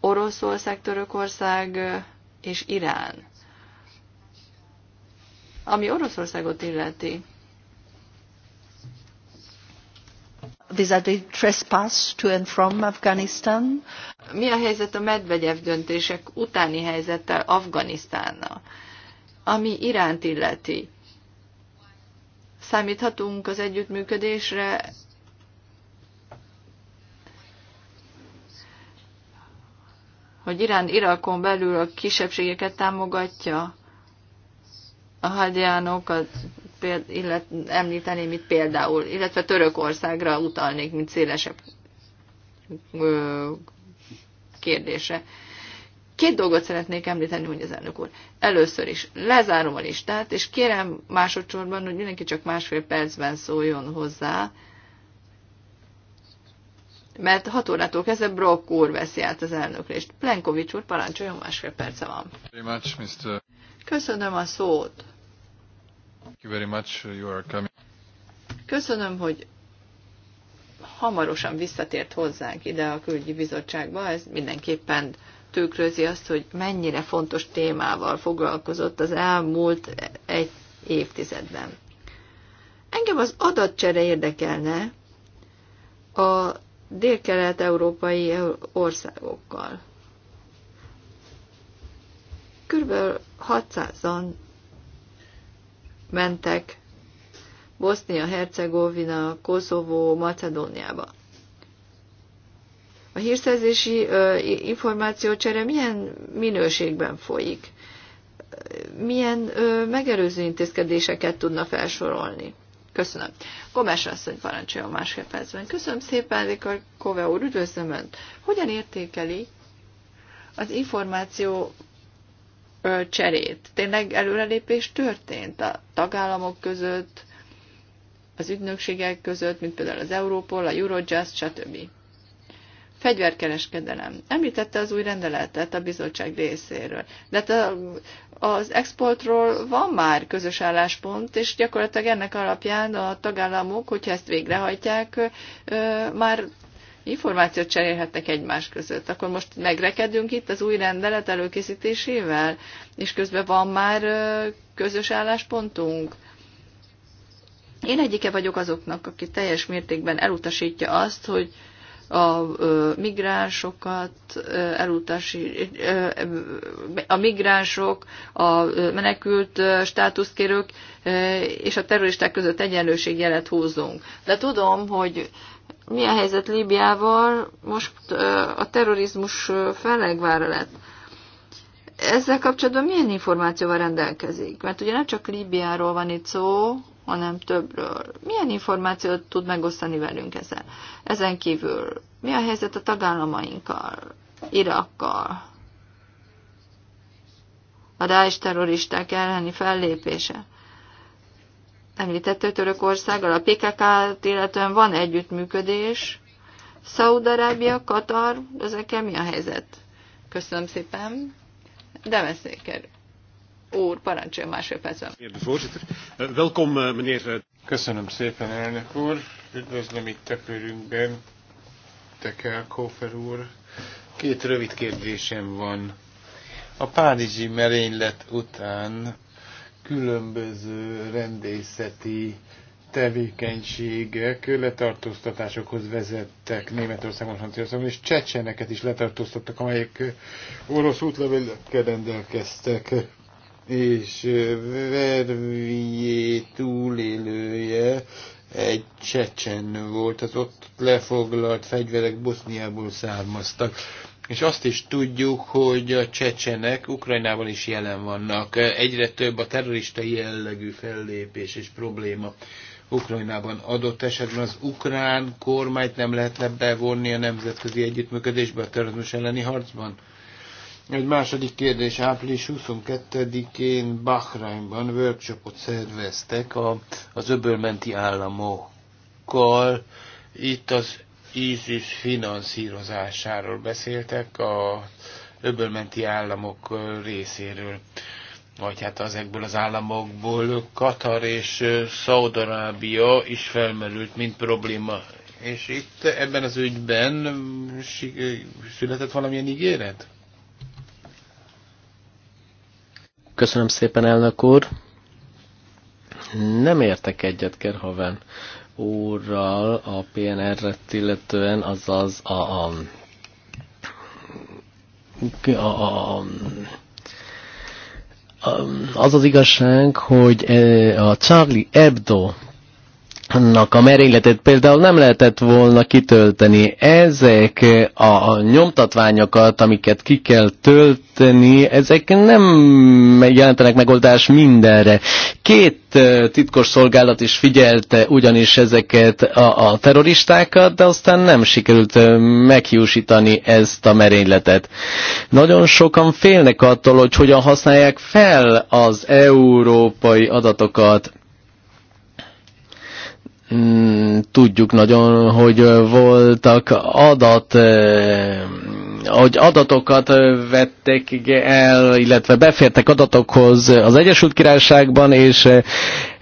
Oroszország, Törökország és Irán. Ami Oroszországot illeti, These are the trespass to and from Afghanistan. Mi a helyzet a Medvegyev döntések utáni helyzettel Afganisztánnal? Ami Iránt illeti, számíthatunk az együttműködésre. hogy Irán Irakon belül a kisebbségeket támogatja, a hadjánokat illet, említeném itt például, illetve Törökországra utalnék, mint szélesebb ö, kérdése. Két dolgot szeretnék említeni, hogy az elnök úr. Először is lezárom a listát, és kérem másodszorban, hogy mindenki csak másfél percben szóljon hozzá, mert hat órától kezdve Brock úr veszi át az elnöklést. Plenkovics úr, parancsoljon, másfél perce van. Köszönöm a szót. Köszönöm, hogy hamarosan visszatért hozzánk ide a külügyi bizottságba, ez mindenképpen tükrözi azt, hogy mennyire fontos témával foglalkozott az elmúlt egy évtizedben. Engem az adatcsere érdekelne a dél-kelet-európai országokkal. Körülbelül 600-an mentek Bosznia-Hercegovina, Koszovó, Macedóniába. A hírszerzési információcsere milyen minőségben folyik? Milyen megerőző intézkedéseket tudna felsorolni? Köszönöm. Gomes asszony parancsolja másfél percben. Köszönöm szépen, Vikor Kove úr, üdvözlöm Önt. Hogyan értékeli az információ cserét? Tényleg előrelépés történt a tagállamok között, az ügynökségek között, mint például az Európol, a Eurojust, stb. Fegyverkereskedelem. Említette az új rendeletet a bizottság részéről. De hát a az exportról van már közös álláspont, és gyakorlatilag ennek alapján a tagállamok, hogyha ezt végrehajtják, már információt cserélhetnek egymás között. Akkor most megrekedünk itt az új rendelet előkészítésével, és közben van már közös álláspontunk. Én egyike vagyok azoknak, aki teljes mértékben elutasítja azt, hogy a migránsokat, elutasí a migránsok, a menekült státuszkérők és a terroristák között egyenlőségjelet húzunk. De tudom, hogy mi a helyzet Líbiával, most a terrorizmus fellegvára lett. Ezzel kapcsolatban milyen információval rendelkezik? Mert ugye nem csak Líbiáról van itt szó, hanem többről. Milyen információt tud megosztani velünk ezen? Ezen kívül mi a helyzet a tagállamainkkal, Irakkal, a Daesh terroristák elleni fellépése? Említette Törökországgal, a PKK-t illetően van együttműködés, Szaúd-Arábia, Katar, ezekkel mi a helyzet? Köszönöm szépen. De kerül úr, parancsoljon másfél percben. Eh, welkom, eh, meneer. Eh. Köszönöm szépen, elnök úr. Üdvözlöm itt a körünkben, Tekel Kófer úr. Két rövid kérdésem van. A párizsi merénylet után különböző rendészeti tevékenységek letartóztatásokhoz vezettek Németországon, Franciaországon, és csecseneket is letartóztattak, amelyek orosz útlevelekkel rendelkeztek és Vervié túlélője egy csecsen volt, az ott lefoglalt fegyverek Boszniából származtak. És azt is tudjuk, hogy a csecsenek Ukrajnában is jelen vannak. Egyre több a terrorista jellegű fellépés és probléma Ukrajnában. Adott esetben az ukrán kormányt nem lehetne bevonni a nemzetközi együttműködésbe a terrorizmus elleni harcban? Egy második kérdés, április 22-én Bahrainban workshopot szerveztek a, az öbölmenti államokkal. Itt az ISIS finanszírozásáról beszéltek a öbölmenti államok részéről, vagy hát azekből az államokból Katar és Szaudarábia is felmerült, mint probléma. És itt ebben az ügyben született valamilyen ígéret? Köszönöm szépen, elnök úr. Nem értek egyet Kerhaven úrral a PNR-et illetően, azaz a, a, a, a az az igazság, hogy e, a Charlie Hebdo a merényletét például nem lehetett volna kitölteni. Ezek a nyomtatványokat, amiket ki kell tölteni, ezek nem jelentenek megoldást mindenre. Két titkos szolgálat is figyelte ugyanis ezeket a, a terroristákat, de aztán nem sikerült meghiúsítani ezt a merényletet. Nagyon sokan félnek attól, hogy hogyan használják fel az európai adatokat Mm, tudjuk nagyon, hogy voltak adat, hogy adatokat vettek el, illetve befértek adatokhoz az Egyesült Királyságban, és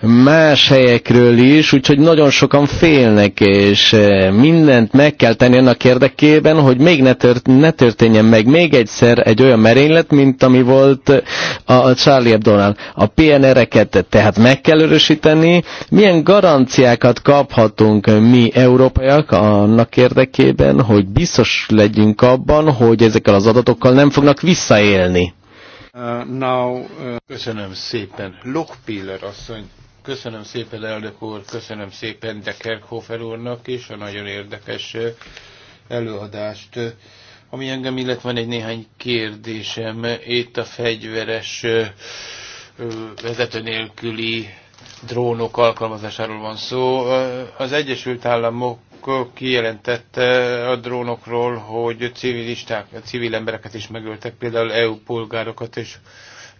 más helyekről is, úgyhogy nagyon sokan félnek, és eh, mindent meg kell tenni annak érdekében, hogy még ne, tört, ne történjen meg még egyszer egy olyan merénylet, mint ami volt eh, a Charlie Hebdo-nál. A PNR-eket tehát meg kell örösíteni. Milyen garanciákat kaphatunk mi európaiak annak érdekében, hogy biztos legyünk abban, hogy ezekkel az adatokkal nem fognak visszaélni? Uh, now, uh, köszönöm szépen. Lokpiller asszony Köszönöm szépen, elnök úr, köszönöm szépen de Kerkhofer úrnak is a nagyon érdekes előadást. Ami engem illet van egy néhány kérdésem, itt a fegyveres vezető nélküli drónok alkalmazásáról van szó. Az Egyesült Államok kijelentette a drónokról, hogy civilisták, civil embereket is megöltek, például EU polgárokat, és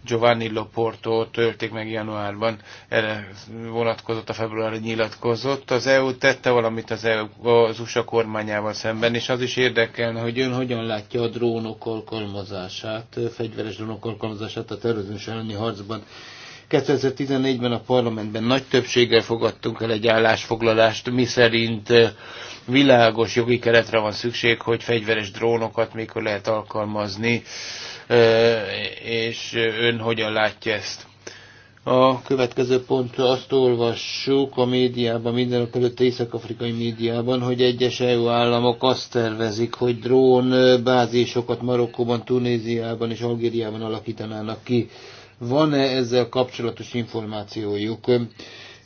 Giovanni Loporto tölték meg januárban, erre vonatkozott a februári nyilatkozott. Az EU tette valamit az, EU, az USA kormányával szemben, és az is érdekelne, hogy ön hogyan látja a drónok alkalmazását, fegyveres drónok alkalmazását a terrorizmus elleni harcban. 2014-ben a parlamentben nagy többséggel fogadtunk el egy állásfoglalást, miszerint világos jogi keretre van szükség, hogy fegyveres drónokat mikor lehet alkalmazni és ön hogyan látja ezt? A következő pontra azt olvassuk a médiában, a előtt észak-afrikai médiában, hogy egyes EU államok azt tervezik, hogy drón bázisokat Marokkóban, Tunéziában és Algériában alakítanának ki. Van-e ezzel kapcsolatos információjuk?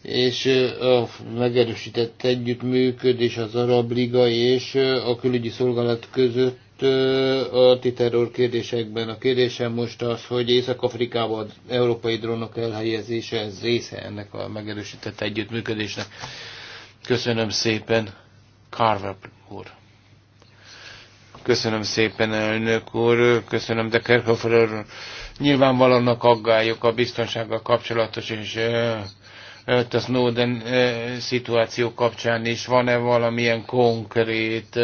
és a megerősített együttműködés az Arab Liga és a külügyi szolgálat között a terror kérdésekben. A kérdésem most az, hogy Észak-Afrikában európai drónok elhelyezése, ez része ennek a megerősített együttműködésnek. Köszönöm szépen, Carver úr. Köszönöm szépen, elnök úr, köszönöm, de Kerkhofer úr. Nyilvánvalóan aggályok a biztonsággal kapcsolatos, és a Snowden szituáció kapcsán is van-e valamilyen konkrét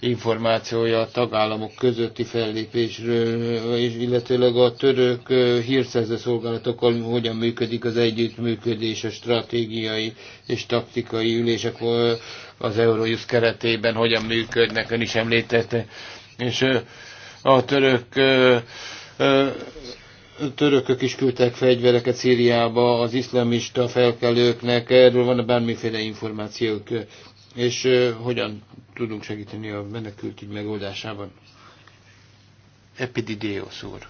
információja a tagállamok közötti fellépésről, és illetőleg a török hírszerző szolgálatokkal hogyan működik az együttműködés, a stratégiai és taktikai ülések az Eurojust keretében hogyan működnek, ön is említette. És a török törökök is küldtek fegyvereket Szíriába az iszlamista felkelőknek, erről van bármiféle információk, és hogyan tudunk segíteni a menekültügy megoldásában? Epididéos úr.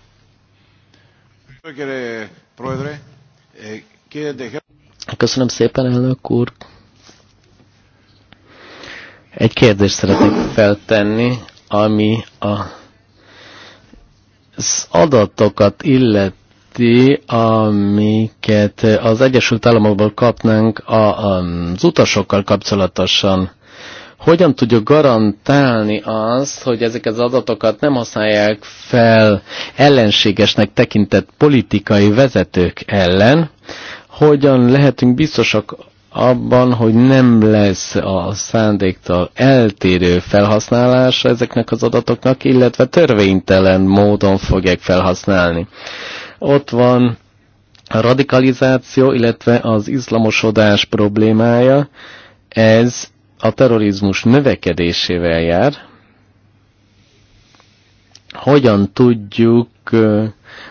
Köszönöm szépen, elnök úr. Egy kérdést szeretnék feltenni, ami a az adatokat illeti, amiket az Egyesült Államokból kapnánk az utasokkal kapcsolatosan hogyan tudjuk garantálni azt, hogy ezek az adatokat nem használják fel ellenségesnek tekintett politikai vezetők ellen, hogyan lehetünk biztosak abban, hogy nem lesz a szándéktal eltérő felhasználása ezeknek az adatoknak, illetve törvénytelen módon fogják felhasználni. Ott van a radikalizáció, illetve az izlamosodás problémája, ez a terrorizmus növekedésével jár. Hogyan tudjuk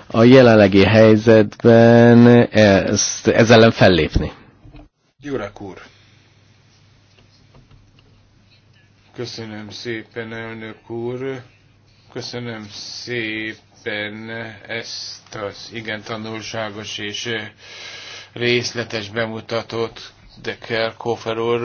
a jelenlegi helyzetben ezt, ezzel ellen fellépni? Gyurak úr! Köszönöm szépen, elnök úr! Köszönöm szépen ezt az igen tanulságos és részletes bemutatót, de Kerkofer úr.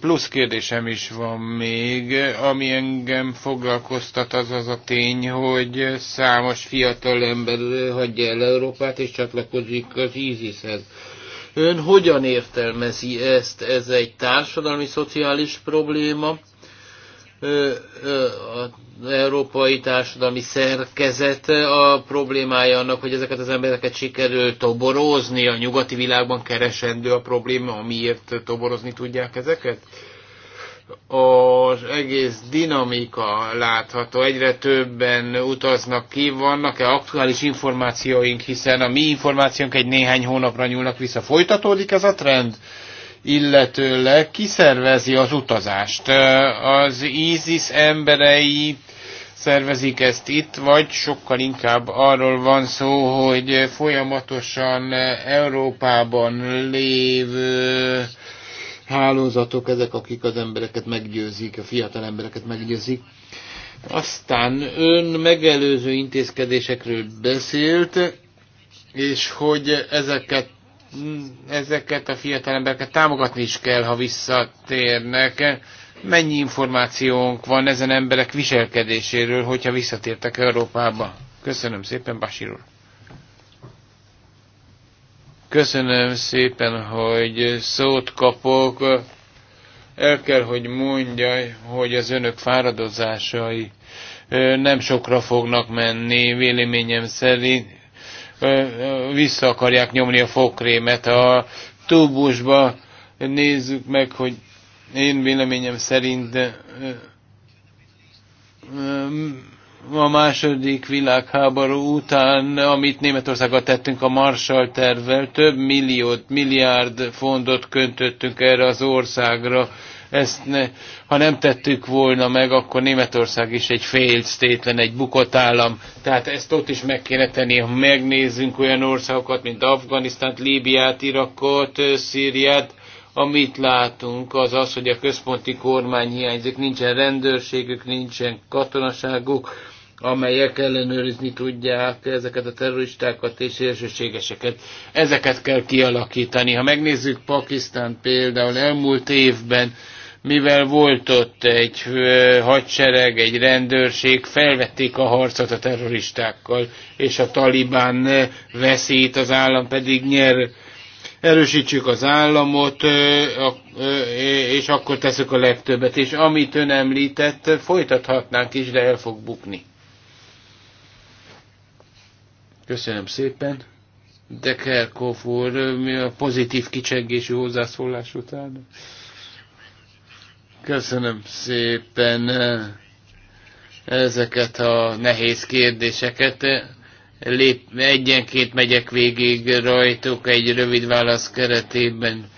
Plusz kérdésem is van még. Ami engem foglalkoztat, az az a tény, hogy számos fiatal ember hagyja el Európát és csatlakozik az ISIS-hez Ön hogyan értelmezi ezt? Ez egy társadalmi-szociális probléma? az európai társadalmi szerkezet a problémája annak, hogy ezeket az embereket sikerül toborozni, a nyugati világban keresendő a probléma, amiért toborozni tudják ezeket? az egész dinamika látható, egyre többen utaznak ki, vannak-e aktuális információink, hiszen a mi információnk egy néhány hónapra nyúlnak vissza. Folytatódik ez a trend? Illetőleg kiszervezi az utazást? Az ISIS emberei szervezik ezt itt, vagy sokkal inkább arról van szó, hogy folyamatosan Európában lévő hálózatok ezek, akik az embereket meggyőzik, a fiatal embereket meggyőzik. Aztán ön megelőző intézkedésekről beszélt, és hogy ezeket, ezeket a fiatal embereket támogatni is kell, ha visszatérnek. Mennyi információnk van ezen emberek viselkedéséről, hogyha visszatértek Európába? Köszönöm szépen, Basir úr. Köszönöm szépen, hogy szót kapok. El kell, hogy mondja, hogy az önök fáradozásai nem sokra fognak menni, véleményem szerint vissza akarják nyomni a fokrémet a tubusba. Nézzük meg, hogy én véleményem szerint a második világháború után, amit Németországgal tettünk a Marshall tervvel, több milliót, milliárd fontot köntöttünk erre az országra. Ezt ne, ha nem tettük volna meg, akkor Németország is egy failed state egy bukott állam. Tehát ezt ott is meg kéne tenni, ha megnézzünk olyan országokat, mint Afganisztánt, Líbiát, Irakot, Szíriát, amit látunk az az, hogy a központi kormány hiányzik, nincsen rendőrségük, nincsen katonaságuk, amelyek ellenőrizni tudják ezeket a terroristákat és szélsőségeseket. Ezeket kell kialakítani. Ha megnézzük Pakisztán például elmúlt évben, mivel volt ott egy hadsereg, egy rendőrség, felvették a harcot a terroristákkal, és a talibán veszít, az állam pedig nyer erősítsük az államot, és akkor teszük a legtöbbet. És amit ön említett, folytathatnánk is, de el fog bukni. Köszönöm szépen. De Kerkhoff úr, mi a pozitív kicsengésű hozzászólás után? Köszönöm szépen ezeket a nehéz kérdéseket lép, egyenként megyek végig rajtuk egy rövid válasz keretében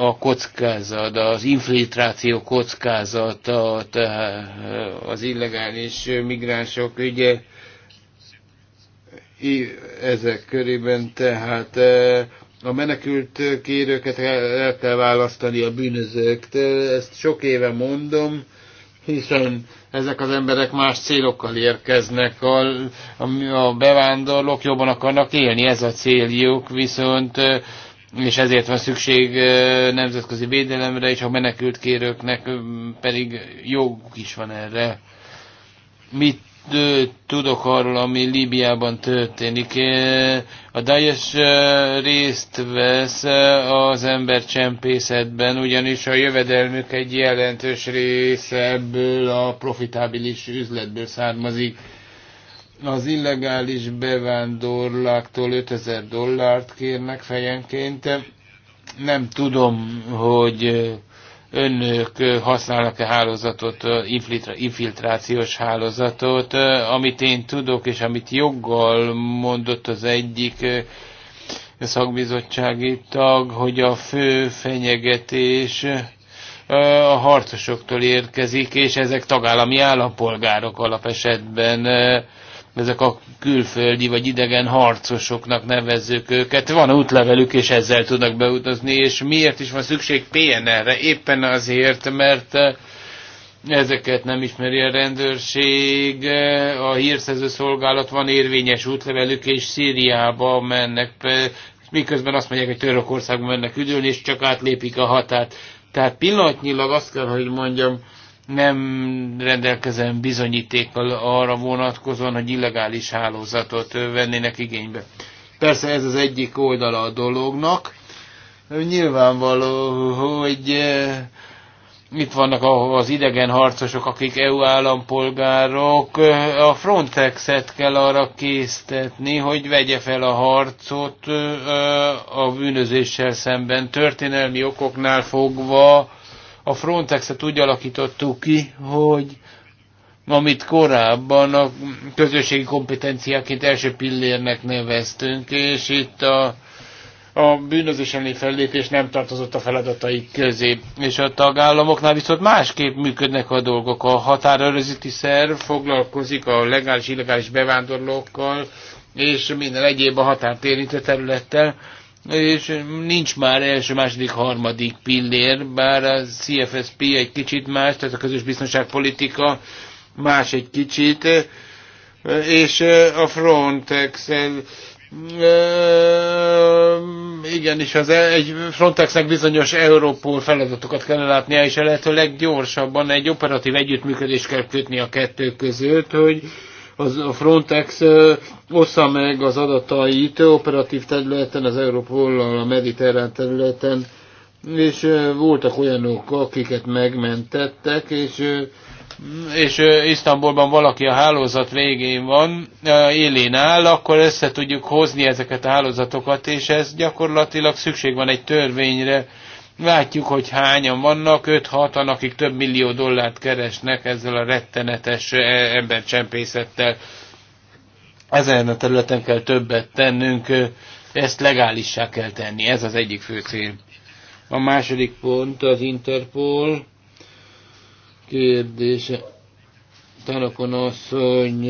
a kockázat, az infiltráció kockázata, az illegális migránsok ügye, ezek körében tehát eh, a menekült kérőket el kell választani a bűnözőktől, ezt sok éve mondom, hiszen ezek az emberek más célokkal érkeznek, a, a bevándorlók jobban akarnak élni, ez a céljuk, viszont és ezért van szükség nemzetközi védelemre, és a menekült kérőknek pedig jog is van erre. Mit tudok arról, ami Líbiában történik. A Daesh részt vesz az csempészetben, ugyanis a jövedelmük egy jelentős része ebből a profitábilis üzletből származik. Az illegális bevándorláktól 5000 dollárt kérnek fejenként. Nem tudom, hogy önök használnak-e hálózatot, infiltrációs hálózatot, amit én tudok, és amit joggal mondott az egyik szakbizottsági tag, hogy a fő fenyegetés a harcosoktól érkezik, és ezek tagállami állampolgárok alapesetben ezek a külföldi vagy idegen harcosoknak nevezzük őket. Van útlevelük, és ezzel tudnak beutazni, és miért is van szükség PNR-re? Éppen azért, mert eh, ezeket nem ismeri a rendőrség, eh, a hírszerző szolgálat van érvényes útlevelük, és Szíriába mennek, miközben azt mondják, hogy Törökországban mennek üdülni, és csak átlépik a határt. Tehát pillanatnyilag azt kell, hogy mondjam, nem rendelkezem bizonyítékkal arra vonatkozóan, hogy illegális hálózatot vennének igénybe. Persze ez az egyik oldala a dolognak. Nyilvánvaló, hogy eh, itt vannak az idegen harcosok, akik EU állampolgárok. Eh, a Frontexet kell arra késztetni, hogy vegye fel a harcot eh, a bűnözéssel szemben. Történelmi okoknál fogva a Frontexet úgy alakítottuk ki, hogy amit korábban a közösségi kompetenciáként első pillérnek neveztünk, és itt a, a bűnözés elleni fellépés nem tartozott a feladataik közé. És a tagállamoknál viszont másképp működnek a dolgok. A határőrzeti szerv foglalkozik a legális-illegális bevándorlókkal, és minden egyéb a határt érintő területtel és nincs már első, második, harmadik pillér, bár a CFSP egy kicsit más, tehát a közös biztonságpolitika más egy kicsit, és a frontex igen és az e- egy Frontexnek bizonyos Európol feladatokat kell látnia, és a lehető leggyorsabban egy operatív együttműködést kell kötni a kettő között, hogy az, a Frontex ossza meg az adatait operatív területen, az Európollal, a mediterrán területen, és voltak olyanok, akiket megmentettek, és és Isztambulban valaki a hálózat végén van, élén áll, akkor össze tudjuk hozni ezeket a hálózatokat, és ez gyakorlatilag szükség van egy törvényre, Látjuk, hogy hányan vannak, 5-6-an, akik több millió dollárt keresnek ezzel a rettenetes e, embercsempészettel. Ezen a területen kell többet tennünk, ezt legálissá kell tenni, ez az egyik fő cél. A második pont az Interpol kérdése. Tanakon asszony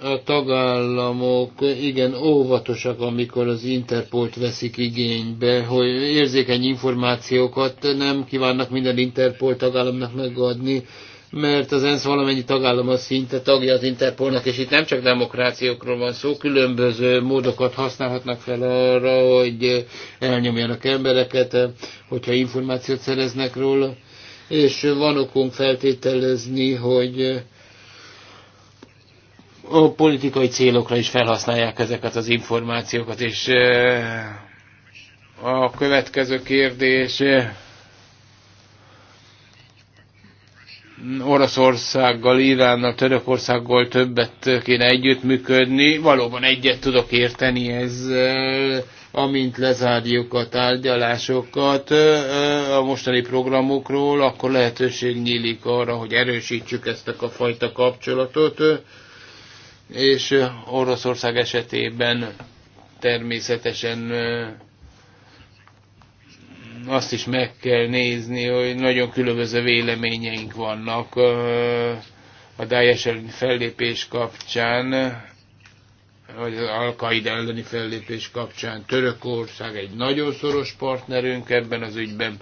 a tagállamok igen óvatosak, amikor az Interpolt veszik igénybe, hogy érzékeny információkat nem kívánnak minden Interpol tagállamnak megadni, mert az ENSZ valamennyi tagállama szinte tagja az Interpolnak, és itt nem csak demokrációkról van szó, különböző módokat használhatnak fel arra, hogy elnyomjanak embereket, hogyha információt szereznek róla, és van okunk feltételezni, hogy a politikai célokra is felhasználják ezeket az információkat, és eh, a következő kérdés eh, Oroszországgal, Iránnal, Törökországgal többet kéne együttműködni. Valóban egyet tudok érteni ezzel, amint lezárjuk a tárgyalásokat eh, a mostani programokról, akkor lehetőség nyílik arra, hogy erősítsük ezt a fajta kapcsolatot és Oroszország esetében természetesen azt is meg kell nézni, hogy nagyon különböző véleményeink vannak a Daesh elleni fellépés kapcsán, vagy az al elleni fellépés kapcsán. Törökország egy nagyon szoros partnerünk ebben az ügyben.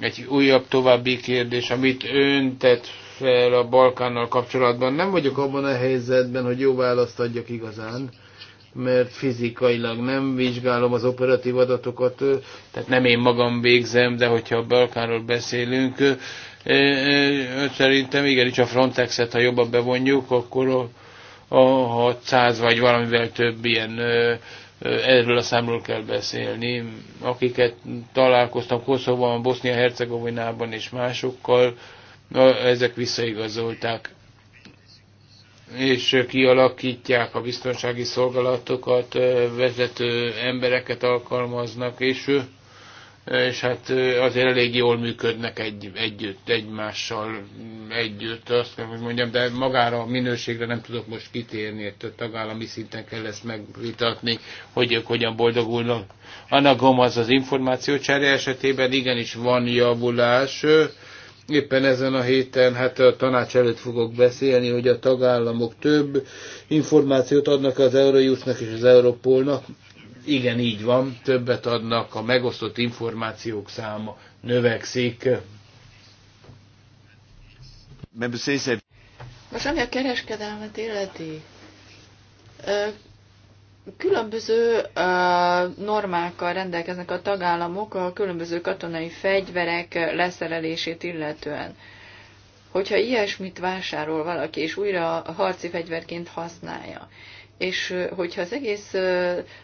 Egy újabb további kérdés, amit ön tett fel a Balkánnal kapcsolatban. Nem vagyok abban a helyzetben, hogy jó választ adjak igazán, mert fizikailag nem vizsgálom az operatív adatokat, tehát nem én magam végzem, de hogyha a Balkánról beszélünk, szerintem igenis a Frontexet, ha jobban bevonjuk, akkor a, a 600 vagy valamivel több ilyen erről a számról kell beszélni. Akiket találkoztam Koszovban, Bosznia-Hercegovinában és másokkal, ezek visszaigazolták, és kialakítják a biztonsági szolgálatokat, vezető embereket alkalmaznak, és, és hát azért elég jól működnek egy, együtt, egymással együtt, azt kell, hogy mondjam, de magára a minőségre nem tudok most kitérni, a tagállami szinten kell ezt megvitatni, hogy ők hogyan boldogulnak. Anagom az az információcsere esetében igenis van javulás, Éppen ezen a héten, hát a tanács előtt fogok beszélni, hogy a tagállamok több információt adnak az Eurojustnak és az Europolnak. Igen, így van, többet adnak, a megosztott információk száma növekszik. Most ami a kereskedelmet illeti, Különböző normákkal rendelkeznek a tagállamok a különböző katonai fegyverek leszerelését illetően. Hogyha ilyesmit vásárol valaki, és újra harci fegyverként használja, és hogyha az egész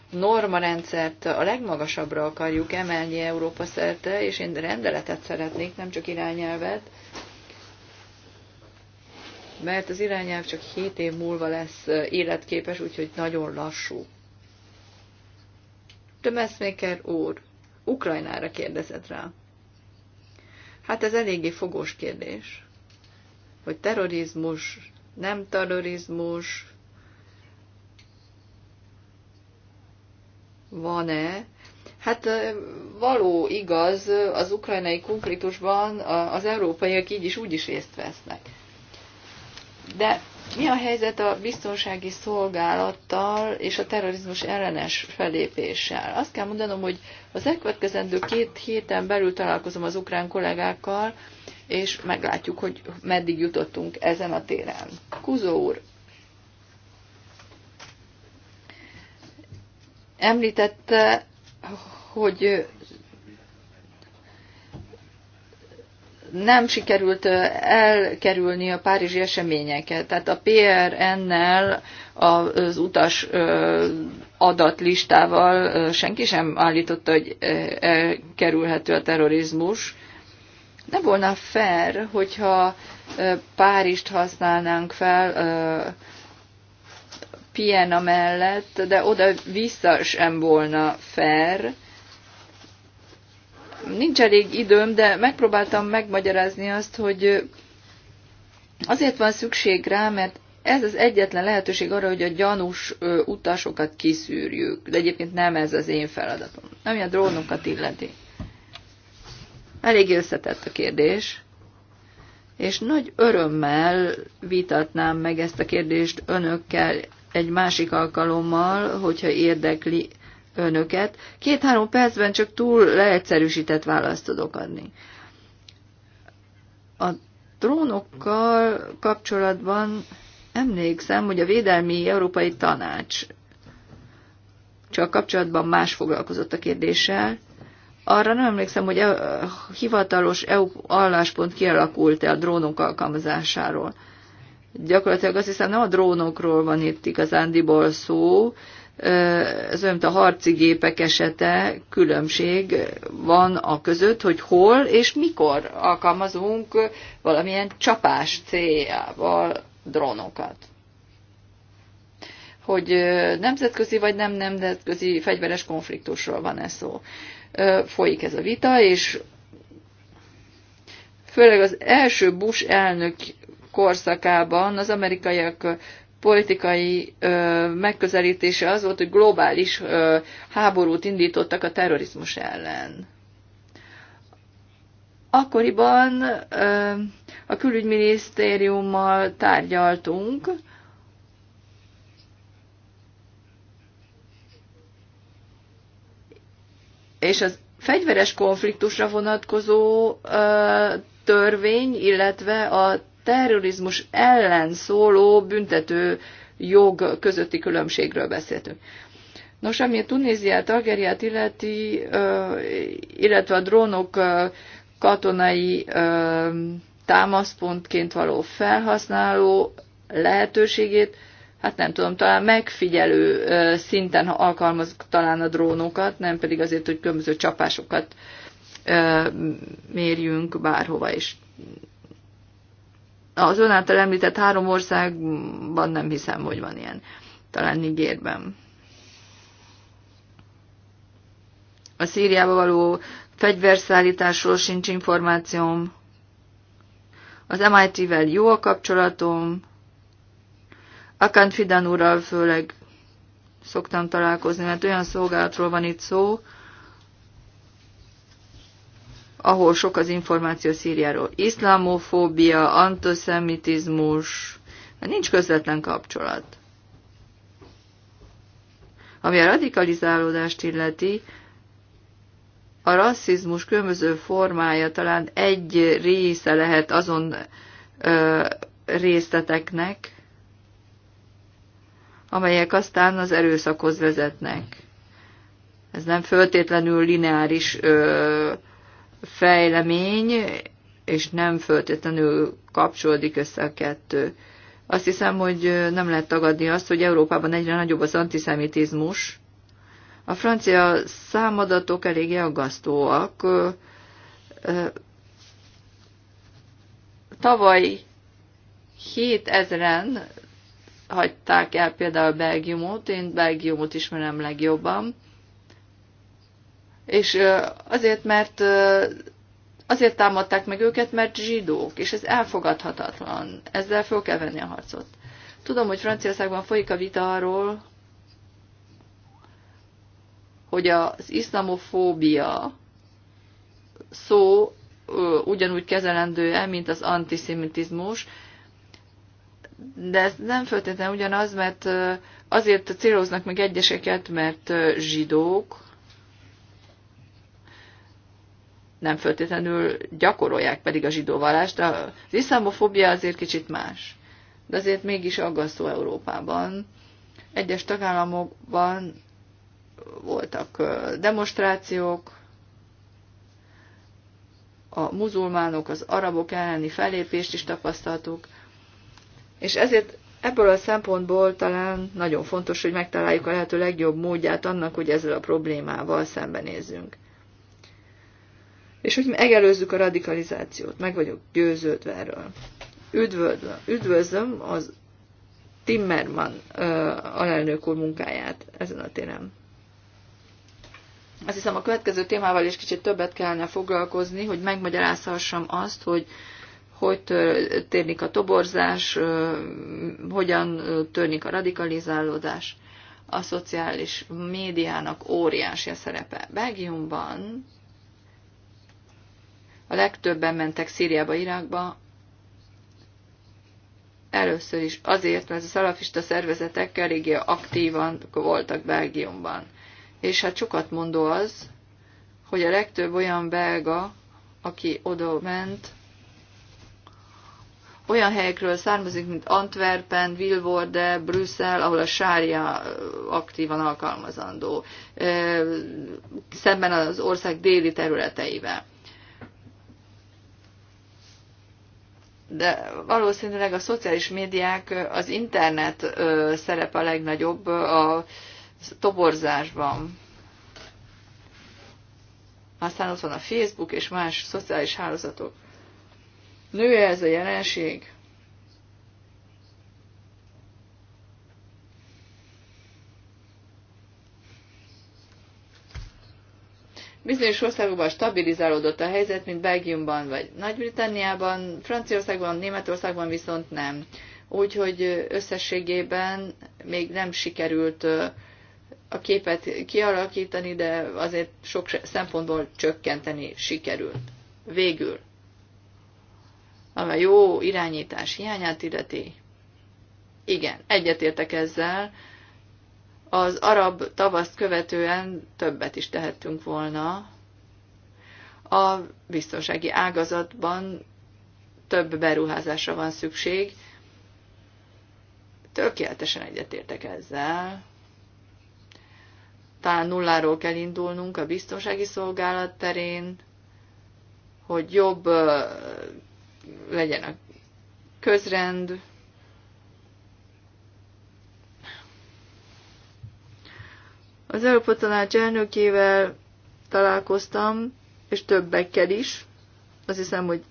normarendszert a legmagasabbra akarjuk emelni Európa szerte, és én rendeletet szeretnék, nem csak irányelvet, mert az irányelv csak 7 év múlva lesz életképes, úgyhogy nagyon lassú. De Messmaker úr, Ukrajnára kérdezett rá. Hát ez eléggé fogós kérdés, hogy terrorizmus, nem terrorizmus, van-e? Hát való, igaz, az ukrajnai konfliktusban az európaiak így is úgy is részt vesznek. De mi a helyzet a biztonsági szolgálattal és a terrorizmus ellenes felépéssel? Azt kell mondanom, hogy az elkövetkezendő két héten belül találkozom az ukrán kollégákkal, és meglátjuk, hogy meddig jutottunk ezen a téren. Kuzó úr, említette, hogy nem sikerült elkerülni a párizsi eseményeket. Tehát a PRN-nel, az utas adatlistával senki sem állította, hogy elkerülhető a terrorizmus. Nem volna fair, hogyha Párizst használnánk fel Piena mellett, de oda-vissza sem volna fair, nincs elég időm, de megpróbáltam megmagyarázni azt, hogy azért van szükség rá, mert ez az egyetlen lehetőség arra, hogy a gyanús utasokat kiszűrjük. De egyébként nem ez az én feladatom, ami a drónokat illeti. Elég összetett a kérdés, és nagy örömmel vitatnám meg ezt a kérdést önökkel egy másik alkalommal, hogyha érdekli önöket. Két-három percben csak túl leegyszerűsített választ tudok adni. A drónokkal kapcsolatban emlékszem, hogy a Védelmi Európai Tanács csak kapcsolatban más foglalkozott a kérdéssel. Arra nem emlékszem, hogy a e- hivatalos EU álláspont kialakult-e a drónok alkalmazásáról. Gyakorlatilag azt hiszem nem a drónokról van itt igazándiból szó, ez olyan, a harci gépek esete, különbség van a között, hogy hol és mikor alkalmazunk valamilyen csapás céljával drónokat. Hogy nemzetközi vagy nem nemzetközi fegyveres konfliktusról van ez szó. Folyik ez a vita, és főleg az első Bush elnök korszakában az amerikaiak politikai ö, megközelítése az volt, hogy globális ö, háborút indítottak a terrorizmus ellen. Akkoriban ö, a külügyminisztériummal tárgyaltunk, és az fegyveres konfliktusra vonatkozó ö, törvény, illetve a terrorizmus ellen szóló büntető jog közötti különbségről beszéltünk. Nos, ami a Tunéziát, Algeriát illeti, illetve a drónok katonai támaszpontként való felhasználó lehetőségét, hát nem tudom, talán megfigyelő szinten alkalmaz talán a drónokat, nem pedig azért, hogy különböző csapásokat mérjünk bárhova is az ön által említett három országban nem hiszem, hogy van ilyen. Talán Nigérben. A Szíriába való fegyverszállításról sincs információm. Az MIT-vel jó a kapcsolatom. Akant Fidan úrral főleg szoktam találkozni, mert olyan szolgálatról van itt szó, ahol sok az információ Szíriáról. Iszlámofóbia, antiszemitizmus, nincs közvetlen kapcsolat. Ami a radikalizálódást illeti, a rasszizmus különböző formája talán egy része lehet azon ö, részleteknek, amelyek aztán az erőszakhoz vezetnek. Ez nem föltétlenül lineáris ö, fejlemény, és nem föltétlenül kapcsolódik össze a kettő. Azt hiszem, hogy nem lehet tagadni azt, hogy Európában egyre nagyobb az antiszemitizmus. A francia számadatok eléggé aggasztóak. Tavaly 7000-en hagyták el például Belgiumot, én Belgiumot ismerem legjobban, és azért, mert azért támadták meg őket, mert zsidók, és ez elfogadhatatlan. Ezzel föl kell venni a harcot. Tudom, hogy Franciaországban folyik a vita arról, hogy az iszlamofóbia szó ugyanúgy kezelendő e mint az antiszemitizmus, de ez nem feltétlenül ugyanaz, mert azért céloznak meg egyeseket, mert zsidók, nem föltétlenül gyakorolják pedig a zsidó vallást. Az iszlamofóbia azért kicsit más, de azért mégis aggasztó Európában. Egyes tagállamokban voltak demonstrációk, a muzulmánok, az arabok elleni fellépést is tapasztaltuk, és ezért ebből a szempontból talán nagyon fontos, hogy megtaláljuk a lehető legjobb módját annak, hogy ezzel a problémával szembenézzünk és hogy megelőzzük a radikalizációt. Meg vagyok győződve erről. Üdvözlöm, üdvözlöm az Timmerman uh, alelnök úr munkáját ezen a téren. Azt hiszem a következő témával is kicsit többet kellene foglalkozni, hogy megmagyarázhassam azt, hogy hogy történik a toborzás, hogyan történik a radikalizálódás. A szociális médiának óriási a szerepe. Belgiumban a legtöbben mentek Szíriába, Irakba, először is azért, mert a szalafista szervezetek eléggé aktívan voltak Belgiumban. És hát sokat mondó az, hogy a legtöbb olyan belga, aki oda ment, olyan helyekről származik, mint Antwerpen, Vilvorde, Brüsszel, ahol a sárja aktívan alkalmazandó, szemben az ország déli területeivel. de valószínűleg a szociális médiák, az internet szerep a legnagyobb a toborzásban. Aztán ott van a Facebook és más szociális hálózatok. Nő -e ez a jelenség? Bizonyos országokban stabilizálódott a helyzet, mint Belgiumban vagy Nagy-Britanniában, Franciaországban, Németországban viszont nem. Úgyhogy összességében még nem sikerült a képet kialakítani, de azért sok szempontból csökkenteni sikerült. Végül, ami a jó irányítás hiányát illeti, igen, egyetértek ezzel, az arab tavaszt követően többet is tehettünk volna. A biztonsági ágazatban több beruházásra van szükség. Tökéletesen egyetértek ezzel. Talán nulláról kell indulnunk a biztonsági szolgálat terén, hogy jobb legyen a közrend, Az Európa Tanács elnökével találkoztam, és többekkel is. Azt hiszem, hogy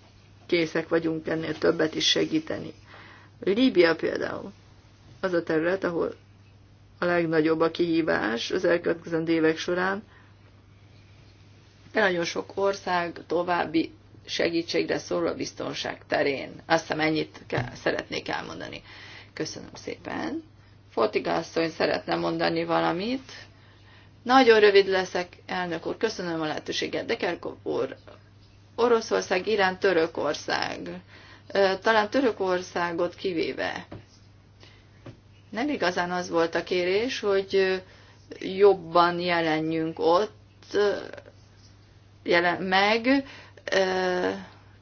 készek vagyunk ennél többet is segíteni. Líbia például az a terület, ahol a legnagyobb a kihívás az elkövetkezendő évek során, de nagyon sok ország további segítségre szól a biztonság terén. Azt hiszem ennyit kell, szeretnék elmondani. Köszönöm szépen. Fortigasszony szeretne mondani valamit. Nagyon rövid leszek, elnök úr, köszönöm a lehetőséget. De Kerkov úr, Oroszország, Irán, Törökország, talán Törökországot kivéve. Nem igazán az volt a kérés, hogy jobban jelenjünk ott, jelen, meg,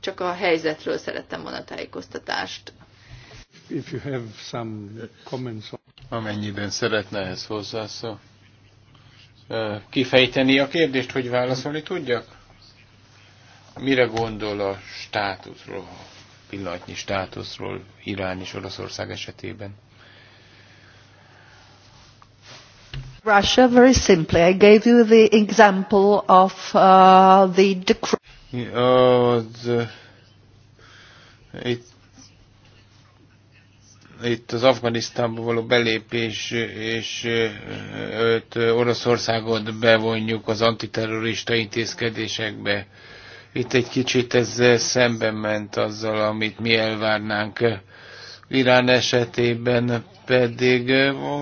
csak a helyzetről szerettem volna tájékoztatást. If you have some comments on... Amennyiben szeretne ehhez hozzászólni kifejteni a kérdést, hogy válaszolni tudjak? Mire gondol a státuszról, a pillanatnyi státuszról Irán és Oroszország esetében? Russia, very simply, I gave you the example of uh, the decree. the, uh, it, itt az Afganisztánba való belépés és őt Oroszországot bevonjuk az antiterrorista intézkedésekbe. Itt egy kicsit ez szembe ment azzal, amit mi elvárnánk. Irán esetében pedig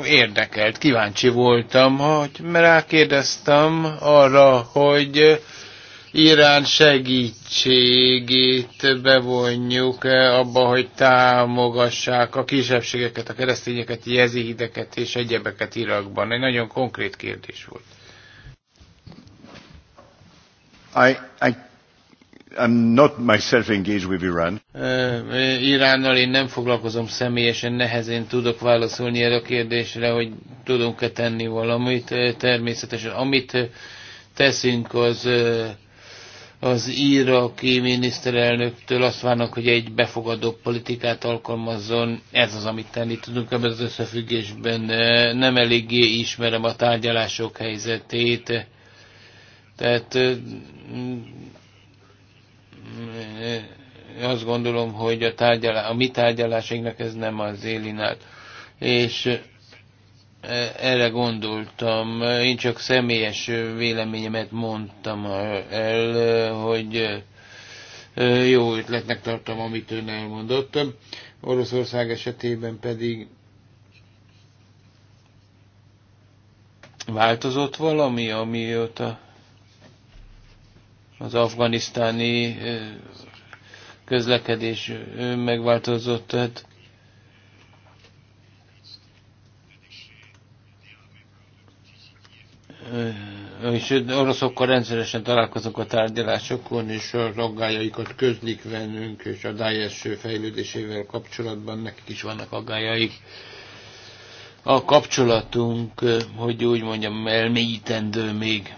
érdekelt, kíváncsi voltam, hogy rákérdeztem arra, hogy Irán segítségét bevonjuk abba, hogy támogassák a kisebbségeket, a keresztényeket, jezihideket és egyebeket Irakban? Egy nagyon konkrét kérdés volt. I, I I'm not myself engaged with Iran. Iránnal én nem foglalkozom személyesen, nehezén tudok válaszolni erre a kérdésre, hogy tudunk-e tenni valamit. Természetesen amit teszünk, az az iraki miniszterelnöktől azt várnak, hogy egy befogadó politikát alkalmazzon. Ez az, amit tenni tudunk ebben az összefüggésben. Nem eléggé ismerem a tárgyalások helyzetét. Tehát mm, azt gondolom, hogy a, tárgyalá, a mi tárgyalásainknak ez nem az élinált. És E, erre gondoltam, én csak személyes véleményemet mondtam el, hogy e, e, jó ötletnek tartom, amit ön elmondott. Oroszország esetében pedig változott valami, amióta az afganisztáni közlekedés megváltozott. Tehát és oroszokkal rendszeresen találkozunk a tárgyalásokon, és a aggájaikat közlik vennünk, és a Daesh fejlődésével kapcsolatban nekik is vannak aggájaik. A kapcsolatunk, hogy úgy mondjam, elmélyítendő még.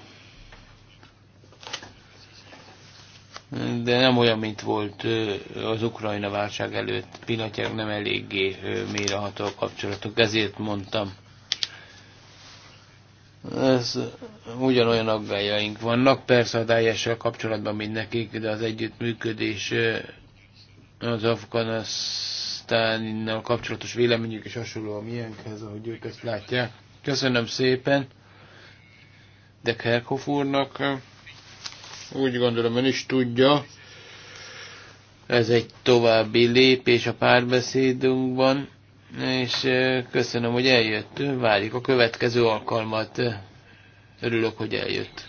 De nem olyan, mint volt az Ukrajna válság előtt. Pillanatjának nem eléggé mélyreható a kapcsolatok ezért mondtam ez ugyanolyan aggájaink vannak, persze a daesh kapcsolatban, mint nekik, de az együttműködés az Afganisztánnal kapcsolatos véleményük is hasonló a miénkhez, ahogy ők ezt látják. Köszönöm szépen de Kerkhoff úrnak. Úgy gondolom, ön is tudja, ez egy további lépés a párbeszédünkben és köszönöm, hogy eljött. Várjuk a következő alkalmat. Örülök, hogy eljött.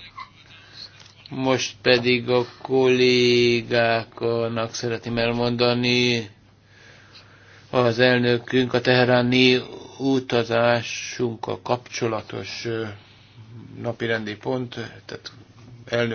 Most pedig a kollégáknak szeretném elmondani az elnökünk a teheráni utazásunkkal kapcsolatos napirendi pont, tehát